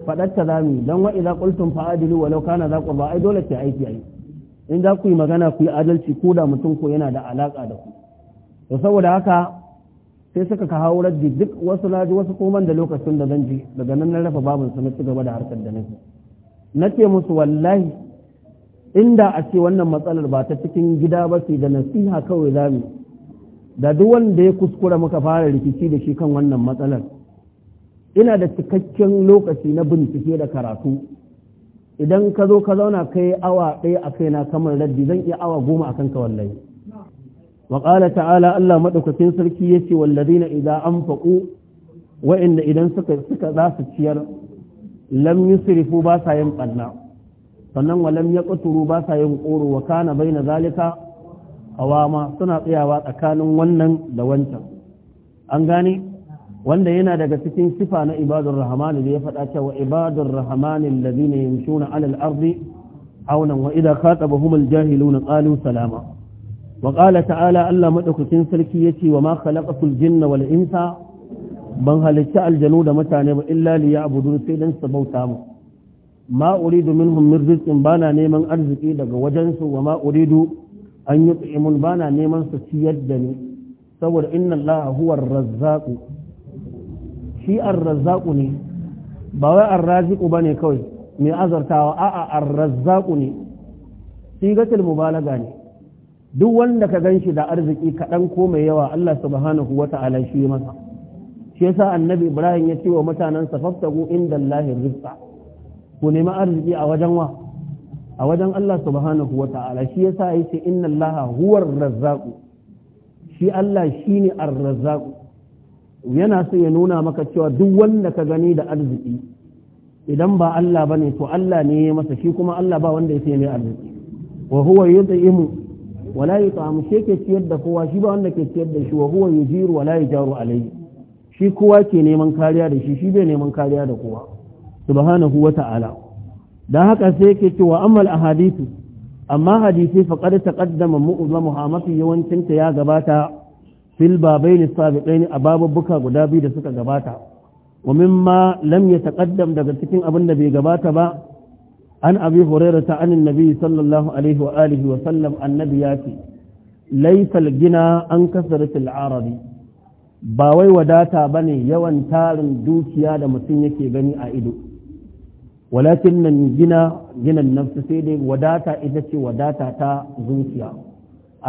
faɗar ta zami don wa'iza ƙultun qultum fa'adilu walau kana za ba ai dole ce aiki yi in za ku yi magana ku yi adalci ko da mutum ko yana da alaƙa da ku to saboda haka sai suka ka haurar da duk wasu laji wasu koman da lokacin da zan ji daga nan na rafa babin su na ci gaba da harkar da nake na ce musu wallahi inda a ce wannan matsalar ba ta cikin gida ba sai da nasiha kawai za mu da duk wanda ya kuskura muka fara rikici da shi kan wannan matsalar ina da cikakken lokaci na bincike da karatu idan ka zo ka zauna kai awa ɗaya a kaina kamar raddi zan iya awa goma a kanka wallahi wa qala ta'ala Allah madaukakin sarki yace walladina idza anfaqu wa'inda idan suka suka za ciyar lam yusrifu ba sa yin ɓanna sannan wa lam yaqturu ba sa yin quru wa kana baina zalika awama suna tsayawa tsakanin wannan da wancan an gane wanda yana daga cikin sifa na ibadur rahmani da ya faɗa cewa ibadur rahmani alladhina yamshuna 'ala al-ardi wa'ida wa idha humul jahilu jahiluna qalu salama wa qala ta'ala Allah madaukakin sarki ce wa ma khalaqatul jinna wal insa ban halitta aljanu da mutane ba illa liya'budu sai dan su bauta mu ma uridu minhum min rizqin bana neman arziki daga wajensu wa ma uridu an yut'imun bana neman su ciyar da ni saboda inna Allah huwa ar-razzaqu shi arrazaƙu ne ba wai arraziku bane kawai mai azartawa a'a arrazaƙu ne sigatul mubalaga ne duk wanda ka ganshi da arziki kaɗan ko mai yawa Allah subhanahu wa ta'ala shi masa shi yasa annabi Ibrahim ya ce wa mutanansa faftagu inda Allah rizqa ku nemi arziki a wajen wa a wajen Allah subhanahu wa ta'ala shi yasa yace inna Allah huwar razzaqu shi Allah shine ar yana so ya nuna maka cewa duk wanda ka gani da arziki idan ba Allah bane ne to Allah ne ya masa shi kuma Allah ba wanda ya sai mai arziki wa huwa yut'imu wa la yut'amu shi ke ciyar da kowa shi ba wanda ke ciyar da shi wa huwa yujiru wa la yujaru alayhi shi kowa ke neman kariya da shi shi bai neman kariya da kowa subhanahu wa ta'ala dan haka sai yake cewa amal ahadithu amma hadisi faqad taqaddama a mafi yawancinta ya gabata fil babaini ne a bababbuka guda biyu da suka gabata wa mimma lam yataqaddam daga cikin abin da bai gabata ba an abi hurairah ta anin nabi sallallahu alaihi wa alihi wa sallam annabi ya ce laysa gina an kasratil arabi ba wai wadata bane yawan tarin dukiya da mutum yake gani a ido walakin nan gina ginan nafsi sai dai wadata ita ce wadata ta zuciya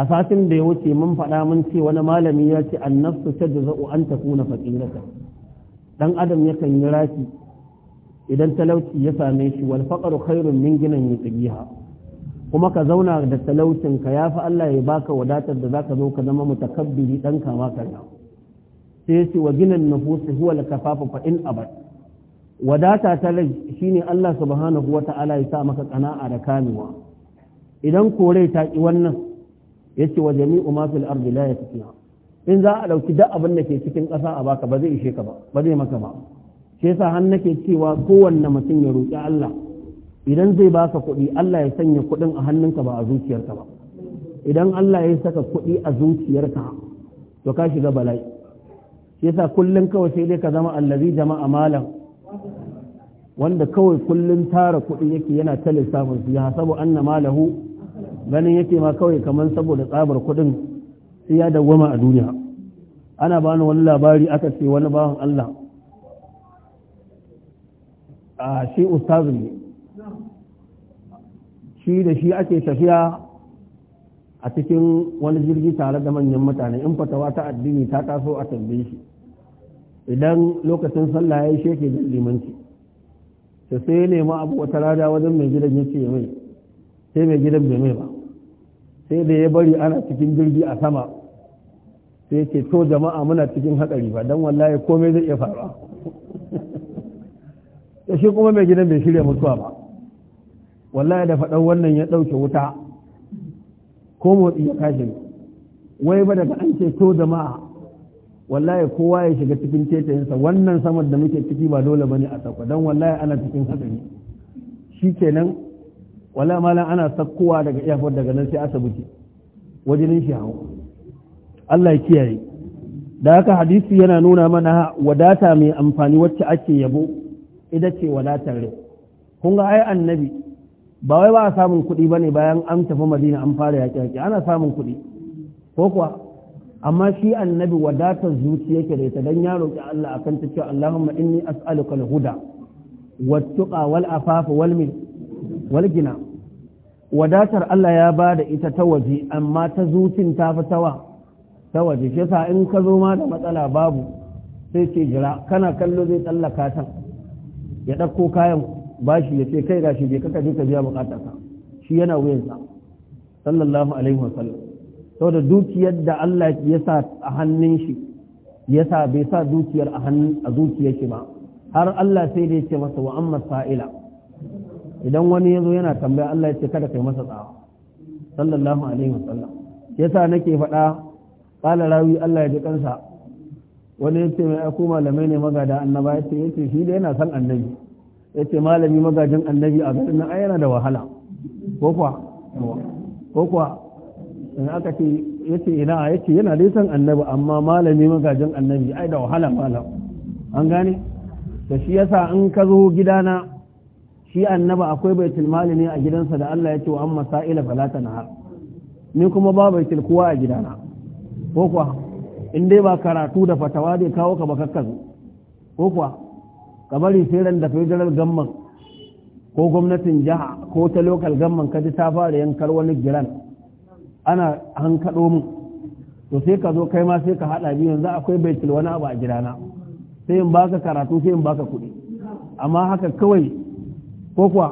a satin da ya wuce mun faɗa mun ce wani malami ya ce nafsu ta da za'u an tafi na faƙirata dan adam yakan yi rafi idan talauci ya same shi wal kairun khairun min ginan yatiha kuma ka zauna da talaucin ka yafi Allah ya baka wadatar da zaka zo ka zama mutakabbiri dan kama kana sai ce wa ginan nufusi huwa al kafafu fa in abad wadata ta rai shine Allah subhanahu wata'ala ya sa maka kana'a da kamewa idan kore ta ki wannan yace wa jami'u ma fil ardi la in za a dauki duk abin da ke cikin ƙasa a baka ba zai ishe ka ba ba zai maka ba shi yasa har nake cewa kowanne mutum ya roƙi Allah idan zai baka kuɗi Allah ya sanya kuɗin a hannunka ba a zuciyarka ba idan Allah ya saka kuɗi a zuciyarka to ka shiga bala'i shi yasa kullun kawai sai dai ka zama allazi jama'a malam wanda kawai kullum tara kuɗi yake yana ta lissafin su ya hasabu anna malahu ganin yake ma kawai kamar saboda tsabar kuɗin sai ya dawwama a duniya ana bani wani labari aka ce wani bawan Allah a shi ustazu ne shi da shi ake tafiya a cikin wani jirgi tare da manyan mutane in fatawa ta addini ta taso a tambaye shi idan lokacin sallah ya yi sheke da limanci sai sai ya nemi abu wata rada wajen mai gidan ya ce mai sai mai gidan bai mai ba sai da ya bari ana cikin jirgi a sama sai ce to jama'a muna cikin haɗari ba don wallahi komai zai iya faruwa da shi kuma mai gidan bai shirya mutuwa ba wallahi da faɗan wannan ya ɗauke wuta ko motsi ya kashe wai ba daga an ce to jama'a wallahi kowa ya shiga cikin tetayinsa wannan saman da muke ciki ba dole bane a sauka don wallahi ana cikin haɗari shi kenan wala malam ana sakkowa daga iyafar daga nan sai asibiti wajenin shi hawo Allah ya kiyaye da haka hadisi yana nuna mana wadata mai amfani wacce ake yabo ita ce wadatar rai kun ga ai annabi ba wai ba a samun kuɗi ba ne bayan an tafi madina an fara yaƙi yaƙi ana samun kuɗi ko kuwa amma shi annabi wadatar zuci yake da ita don ya roƙi Allah akan ta cewa Allahumma inni as'aluka al-huda wat tuqa wal afafa wal min wal gina wadatar Allah ya ba da ita ta waje amma ta zucin ta fi tawa ta waje shi yasa in ka zo ma da matsala babu sai ce jira kana kallo zai tsallaka ta ya ɗauko kayan bashi ya ce kai gashi bai kaka je ka biya bukata ka shi yana wuyansa sallallahu alaihi wasallam saboda dukiyar da Allah ya sa a hannun shi ya sa bai sa dukiyar a hannun a zuciyar shi ba har Allah sai da ya ce masa wa'amma sa'ila idan wani ya zo yana tambaya Allah ya ce kada kai masa tsawa sallallahu alaihi wasallam yasa nake faɗa ƙala rawi Allah ya ji kansa wani ya ce mai aku malamai ne magada annaba ya ce ya ce shi da yana son annabi ya ce malami magajin annabi a garin nan yana da wahala ko kuwa ko kuwa in aka ce ya ce ina ya ce yana dai san annabi amma malami magajin annabi ai da wahala malam an gane da shi yasa in ka zo gidana shi annaba akwai baitul mali ne a gidansa da Allah ya ce wa amma sa'ila fala tanha ni kuma ba baitul kuwa a gidana ko kuwa in dai ba karatu da fatawa zai kawo ka ba ko kuwa ka bari sai ran da federal gamman ko gwamnatin jiha ko ta local gamman ka ji ta fara yankar wani giran ana hankaɗo mu to sai ka zo kai ma sai ka haɗa biyu yanzu akwai baitul wani abu a gidana sai in baka karatu sai in baka kuɗi amma haka kawai ko kuwa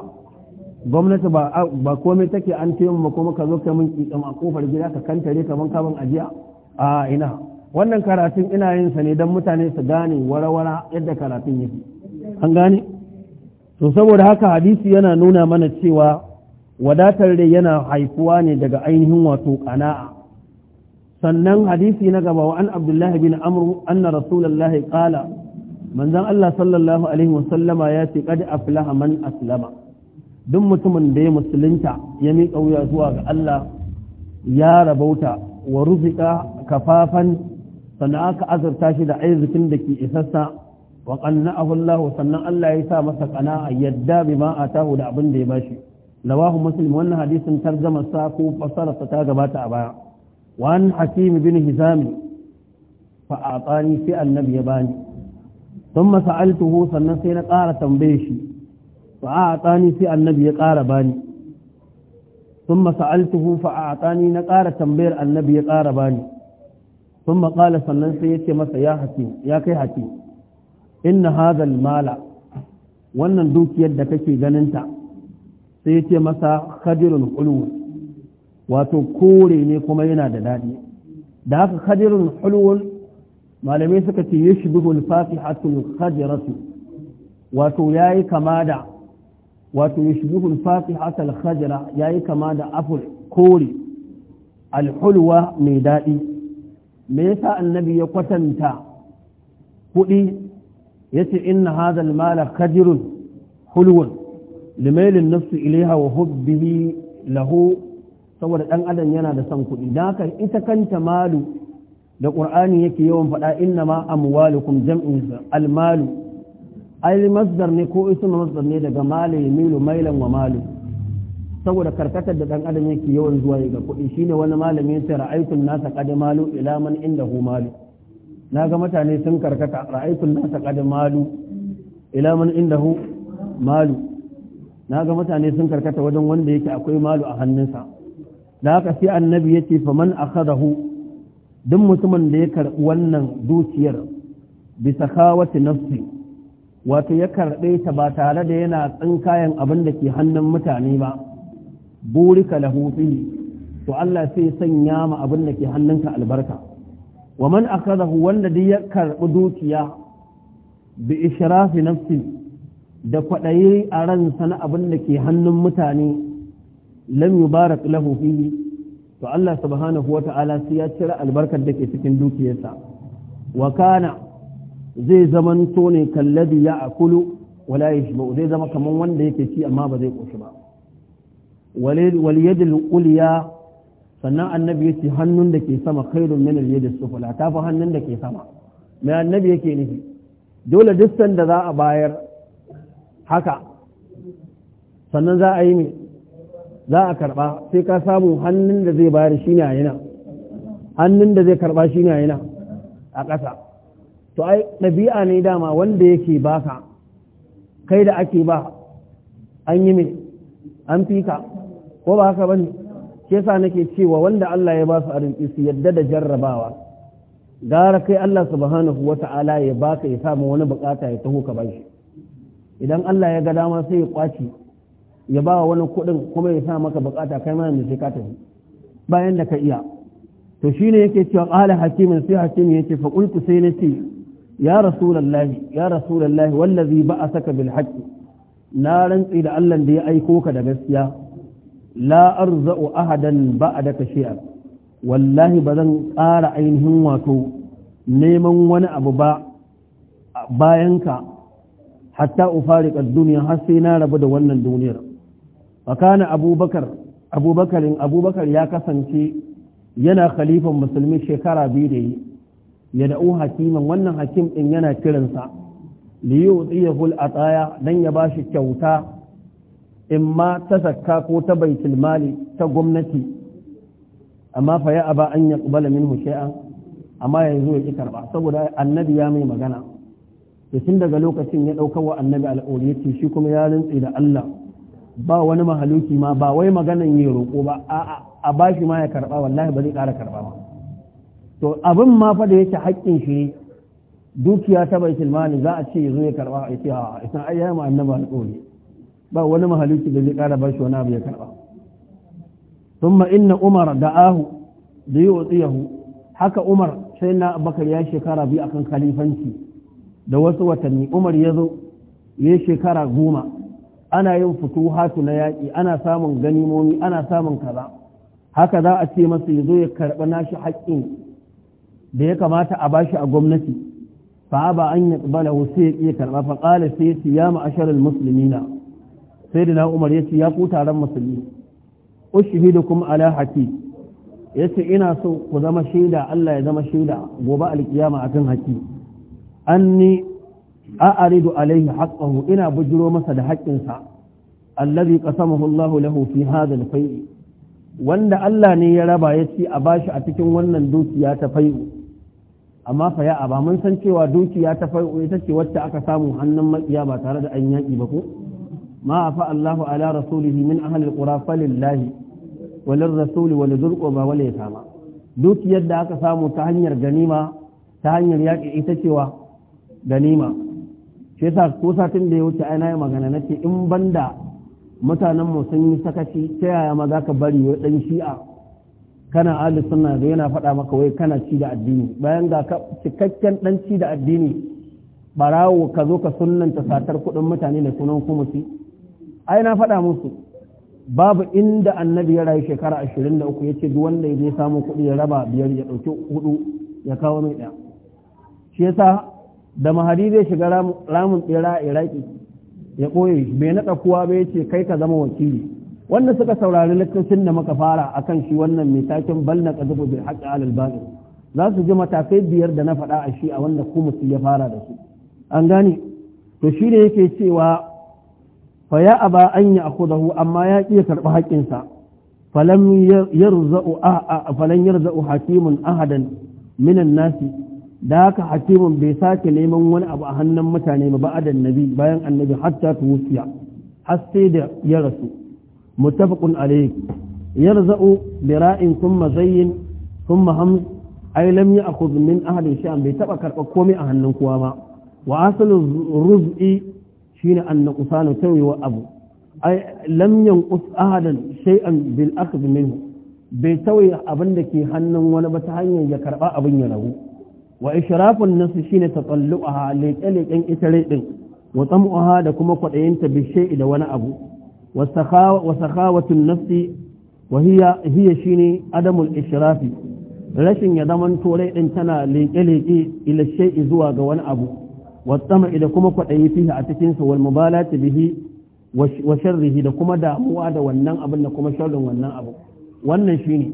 gwamnati ba komai take an taimaka kuma ka zo ka min kikam a kofar gida ka kantare kaman kaban ajiya a ina wannan karatun ina yin sa ne don mutane su gane warawara yadda karatun yake an gane to saboda haka hadisi yana nuna mana cewa wadatar rai yana haifuwa ne daga ainihin wato kana'a sannan hadisi na gaba wa an abdullahi bin amru anna rasulullahi qala manzon Allah sallallahu alaihi wasallama ya ce qad aflaha man aslama duk mutumin da ya musulunta ya miƙa wuya zuwa ga Allah ya rabauta wa ruzika kafafan sannan aka azurta shi da arzikin da ke isassa wa qanna'ahu Allah sannan Allah ya sa masa qana'a yadda bima atahu da abin da ya bashi lawahu muslim wannan hadisin tarjama sa ko fasara ta gabata a baya wa an hakim bin hizami fa atani fi annabi ya bani sun masa'altuhu sannan sai na ƙara tambaye shi fa a tsani sai annabi ya ƙara bani sun masa'altuhu fa a tsani na ƙara tambayar annabi ya ƙara bani sun maƙala sannan sai ya ce masa ya hakim ya kai hakim inna hazal wannan dukiyar da kake ganinta sai ya ce masa wato kore ne kuma yana da daɗi da haka khadirun hulwun malamai suka ce ya shi bihul fatihatul khajaratu wato ya kama da wato ya shi bihul fatihatul yi kama da afur kore alhulwa mai daɗi me yasa annabi ya kwatanta kuɗi ya ce inna hadal mala khajirun hulwun limailin nafsu ilaiha wa hubbihi lahu saboda ɗan adam yana da son kuɗi da haka ita kanta malu da ƙur'ani yake yawan faɗa inna ma amwalukum jam'in almalu ai masdar ne ko isim masdar ne daga malu yamilu mailan wa malu saboda karkatar da dan adam yake yawan zuwa ga kuɗi shine wani malami ya ce ra'aytun nasa qad malu ila man indahu malu naga mutane sun karkata ra'aytun nasa qad malu ila man indahu malu naga mutane sun karkata wajen wanda yake akwai malu a hannunsa da haka sai annabi yace faman akhadahu duk mutumin da ya karɓi wannan dukiyar bisa kawace nafsi wato ya karɓe ta ba tare da yana kayan abin da ke hannun mutane ba burika lahu to Allah sai sanya ma abin da ke hannunka albarka wa man akhadahu wanda duk ya karɓi dukiya bi ishrafi nafsi da kwaɗayi a ransa na abin da ke hannun mutane lam yubarak lahu fihi to Allah subhanahu wa ta'ala sai ya cire albarkar da ke cikin dukiyarsa wa kana zai to ne kallabi ya akulu wala yashba zai zama kaman wanda yake ci amma ba zai koshi ba wal yadul ulya sannan annabi yace hannun da ke sama khairun min al yadis sufla fa hannun da ke sama mai annabi yake nufi dole duk sanda za a bayar haka sannan za a yi mai za a karba sai ka samu hannun da zai bayar shine a yana hannun da zai karba shine a yana a ƙasa to ai ɗabi'a ne dama wanda yake baka kai da ake ba an yi mai an fika ko ba haka bane ke sa nake cewa wanda Allah ya ba su a su yadda da jarrabawa gara kai Allah subhanahu ta'ala ya baka ya samu wani bukata ya taho ka bashi idan Allah ya ga dama sai ya kwaci ya ba wani kuɗin kuma ya sa maka bukata kai mana sai ka tafi bayan da ka iya to shine yake cewa qala hakimin sai hakimin yace fa qultu sai nace ya rasulullahi ya rasulullahi wallazi ba'asaka bil haqqi na rantsi da Allah da ya aiko ka da gaskiya la arza'u ahadan ba'daka shia wallahi ba zan ƙara ainihin wato neman wani abu ba bayanka hatta ufarika duniya har sai na rabu da wannan duniyar fakana abubakar abubakarin abubakar ya kasance yana khalifan musulmin shekara biyu da yi ya da'u hakiman wannan hakim ɗin yana kiransa liyu tsiyahul a tsaya don ya ba shi kyauta in ma ta saka ko ta baitul mali ta gwamnati amma fa ya aba an ya kubala minhu shay'an amma yanzu ya ki karba saboda annabi ya mai magana to tun daga lokacin ya ɗauka wa annabi al'auri yace shi kuma ya rintsi da Allah ba wani mahaluki ma ba wai maganan yi roƙo ba a bashi ma ya karɓa wallahi ba zai ƙara karɓa ba to abin ma fa da yake haƙƙin shi dukiya ta bai tilmani za a ce ya ya karɓa a ce a isan ayyaya ma annaba alƙoli ba wani mahaluki da zai ƙara shi wani abu ya karɓa thumma inna umar da Ahu da yi watsiyahu haka umar sai na bakar ya shekara biyu akan kalifanci da wasu watanni umar ya zo ya shekara goma ana yin hatu na yaƙi ana samun ganimomi ana samun kaza haka za a ce masa ya zo ya karɓi nashi haƙƙin da ya kamata a bashi a gwamnati fa ba an ya tsibala sai ya karɓa fa ƙala sai ya ya ma'ashar musulmina sai da na umar ya ce ya ku taron musulmi kuma ala Ya ce ina so ku zama shaida Allah ya zama shaida gobe alkiyama akan An ni a'ridu alaihi haqqahu ina bujiro masa da haƙƙinsa allazi qasamahu Allah lahu fi hadha al-fai wanda Allah ne ya raba ya ci a bashi a cikin wannan dukiya ta fai'u amma fa ya aba mun san cewa dukiya ta fai'u ita ce wacce aka samu hannun makiya ba tare da an ba ko ma afa Allahu ala rasulihi min ahli al-qura falillahi walin rasuli wani zurko ba dukiyar da aka samu ta hanyar ganima ta hanyar yaƙi ita cewa ganima shi yasa ko satin da ya wuce ai na yi magana nace in banda mutanen mu sun yi sakaci ta yaya ma ka bari wa dan shi'a kana ahli suna da yana faɗa maka wai kana ci da addini bayan ga cikakken dan ci da addini barawo ka zo ka sunnanta satar kuɗin mutane da sunan kumusi ai na faɗa musu babu inda annabi ya rayu shekara ashirin da uku ya ce duk wanda ya je samun kuɗi ya raba biyar ya ɗauki hudu ya kawo mai ɗaya shi yasa da mahadi zai shiga ramin tsira a iraki ya ɓoye bai naɗa kowa bai ce kai ka zama wakili wanda suka saurari littafin da muka fara a kan shi wannan mai takin bal na qadhu bai haqqi alal za su ji matakai biyar da na faɗa a shi a wanda kuma su ya fara da su an gane to shi ne yake cewa fa ya aba an ya amma ya ƙi karɓi haƙƙinsa falan yarza'u hakimun ahadan minan nasi da haka hakimun bai sake neman wani abu a hannun mutane ba ba'adan nabi bayan annabi hatta tuwusiya har sai da ya rasu muttafaqun alayhi yarza'u bira'in thumma zayyin thumma ham Ai lam ya'khudh min ahli sha'an bai taba karba komai a hannun kowa ba wa asalu ruz'i shine annaqsanu tawiwa abu ai lam yanqus ahadan shay'an bil akhdh minhu bai tawaye abin da ke hannun wani ba ta hanyar ya karba abin ya rabu wa ishrafun nasu shine taqalluha leke-leken itare din wa tsam'uha da kuma bi bishai da wani abu wa sakhawatun nafsi wa hiya hiya shine adamul ishrafi rashin ya zaman torai din tana leke-leke ila shay'i zuwa ga wani abu wa tsam'i da kuma kwaɗayi fihi a cikin sa wal mubalati bihi wa sharrihi da kuma damuwa da wannan abin da kuma sharrin wannan abu wannan shine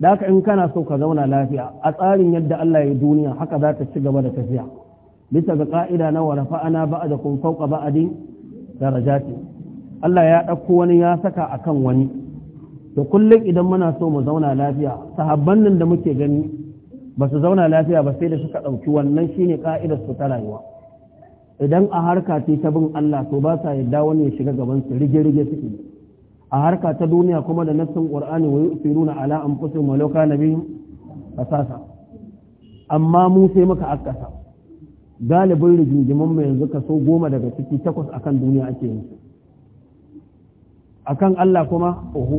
Daka in kana so ka zauna lafiya a tsarin yadda Allah ya duniya haka za ta ci gaba da tafiya bisa ga ka'ida na wa rafa'ana kun fauka ba'din darajati Allah ya ɗauko wani ya saka akan wani to kullum idan muna so mu zauna lafiya sahabban nan da muke gani ba su zauna lafiya ba sai da suka ɗauki wannan shine ka'idar su ta rayuwa idan a harka ce ta bin Allah to ba sa yadda wani ya shiga gaban su rige-rige suke a harka ta duniya kuma da nassin qur'ani wa yusiruna ala anfusihim wa law kana bihim amma mu sai muka akasa galibin rigingimin mu yanzu kaso goma daga ciki takwas akan duniya ake yi akan Allah kuma oho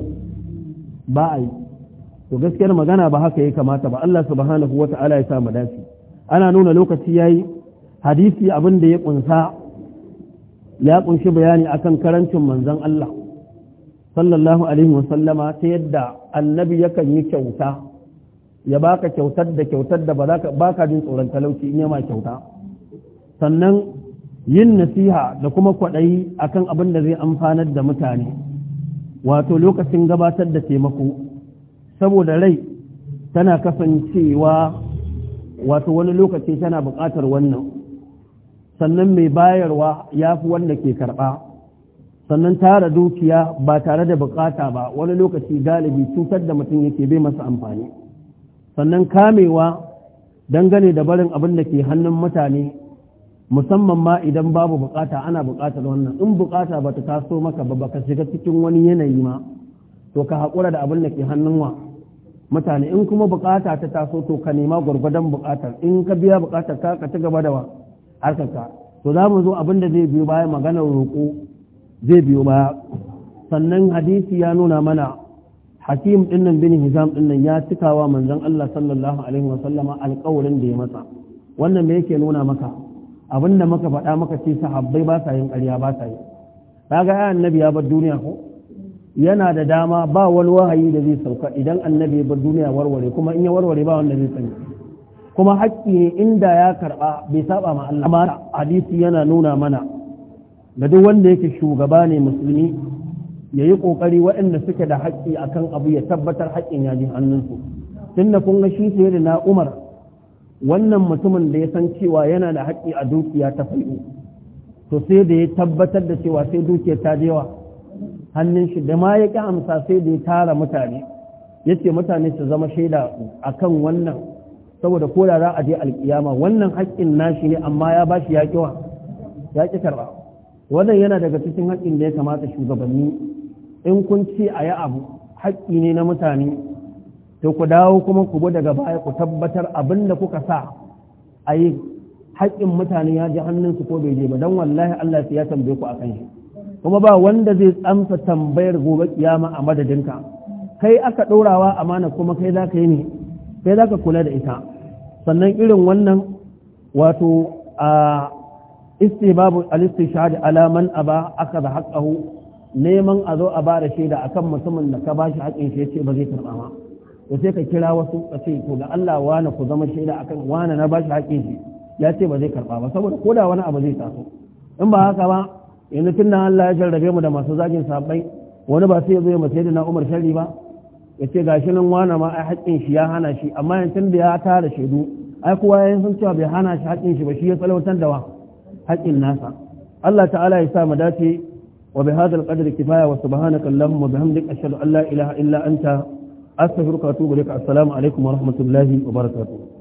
ba a yi to gaskiyar magana ba haka ya kamata ba Allah subhanahu wata'ala ya sa mu dace ana nuna lokaci yayi hadisi abin da ya kunsa ya kunshi bayani akan karancin manzon Allah sallallahu alaihi wasallama ta yadda annabi yakan yi kyauta ya baka kyautar da kyautar da ba za baka jin tsoron talauci in yama kyauta sannan yin nasiha da kuma kwaɗayi akan abin da zai amfanar da mutane wato lokacin gabatar da taimako saboda rai tana kasancewa wato wani lokaci tana buƙatar wannan sannan mai bayarwa ya fi wanda ke karɓa sannan tara dukiya ba tare da bukata ba wani lokaci galibi cutar da mutum yake bai masa amfani sannan kamewa dangane da barin abin da ke hannun mutane musamman ma idan babu bukata ana bukatar wannan in bukata ba ta taso maka ba baka shiga cikin wani yanayi ma to ka haƙura da abin da ke hannun wa mutane in kuma bukata ta taso to ka nema gwargwadon bukatar in ka biya bukatar ka ka ci gaba da wa harkarka to za mu zo abin da zai biyo bayan maganar roƙo zai biyo baya sannan hadisi ya nuna mana hakim dinnan bin hizam dinnan ya cikawa manzon Allah sallallahu alaihi wa sallama alƙawarin da ya masa wannan me yake nuna maka abinda muka faɗa maka ce sahabbai ba sa yin ƙarya ba sa yi kaga ai annabi ya bar duniya ko yana da dama ba wani wahayi da zai sauka idan annabi ya bar duniya warware kuma in ya warware ba wanda zai sani kuma haƙƙi ne inda ya karɓa bai saba ma Allah amma hadisi yana nuna mana da duk wanda yake shugaba ne musulmi ya yi ƙoƙari waɗanda suke da haƙƙi a kan abu ya tabbatar haƙƙin ya ji hannunsu tun da kun ga shi sai da na umar wannan mutumin da ya san cewa yana da haƙƙi a dukiya ta fai'u to sai da ya tabbatar da cewa sai dukiya ta yawa hannun shi da ma ya ƙi amsa sai da ya tara mutane ya ce mutane su zama shaida a kan wannan saboda ko da za a je alƙiyama wannan haƙƙin nashi ne amma ya ba shi ya ƙi karɓa wannan yana daga cikin haƙƙin da ya kamata shugabanni in kun ce a yi abu haƙƙi ne na mutane to ku dawo kuma ku bi daga baya ku tabbatar abin da kuka sa a yi haƙƙin mutane ya ji hannunsu ko bai je ba don wallahi Allah ya tambaye ku kan shi kuma ba wanda zai tsamfa tambayar gobe kiyama a madadinka kai aka ɗorawa amana kuma kai za ka yi ne kai za ka kula da ita sannan irin wannan wato a istibabu al-istishhad ala man aba akaza haqqahu neman a zo a ba da shaida akan mutumin da ka ba shi haƙin shi yace ba zai karɓa ma to sai ka kira wasu ka ce to da Allah wani ku zama shaida akan wani na ba shi haƙin shi ya ce ba zai karɓa ba saboda ko da wani abu zai taso in ba haka ba yanzu tun da Allah ya jarrabe mu da masu zagin sabai wani ba sai ya zo ya mace da na Umar Sharri ba ya ce gashi nan wani ma ai haƙƙin shi ya hana shi amma yanzu da ya tara shaidu ai kowa ya san cewa bai hana shi haƙƙin shi ba shi ya tsalautar da wa haƙin nasa Allah ta'ala ya sa mu dace wa bi hadha qadri kifaya wa subhanaka allahumma wa bihamdika ashhadu an la ilaha illa anta astaghfiruka wa atubu ilaik assalamu alaikum wa rahmatullahi wa barakatuh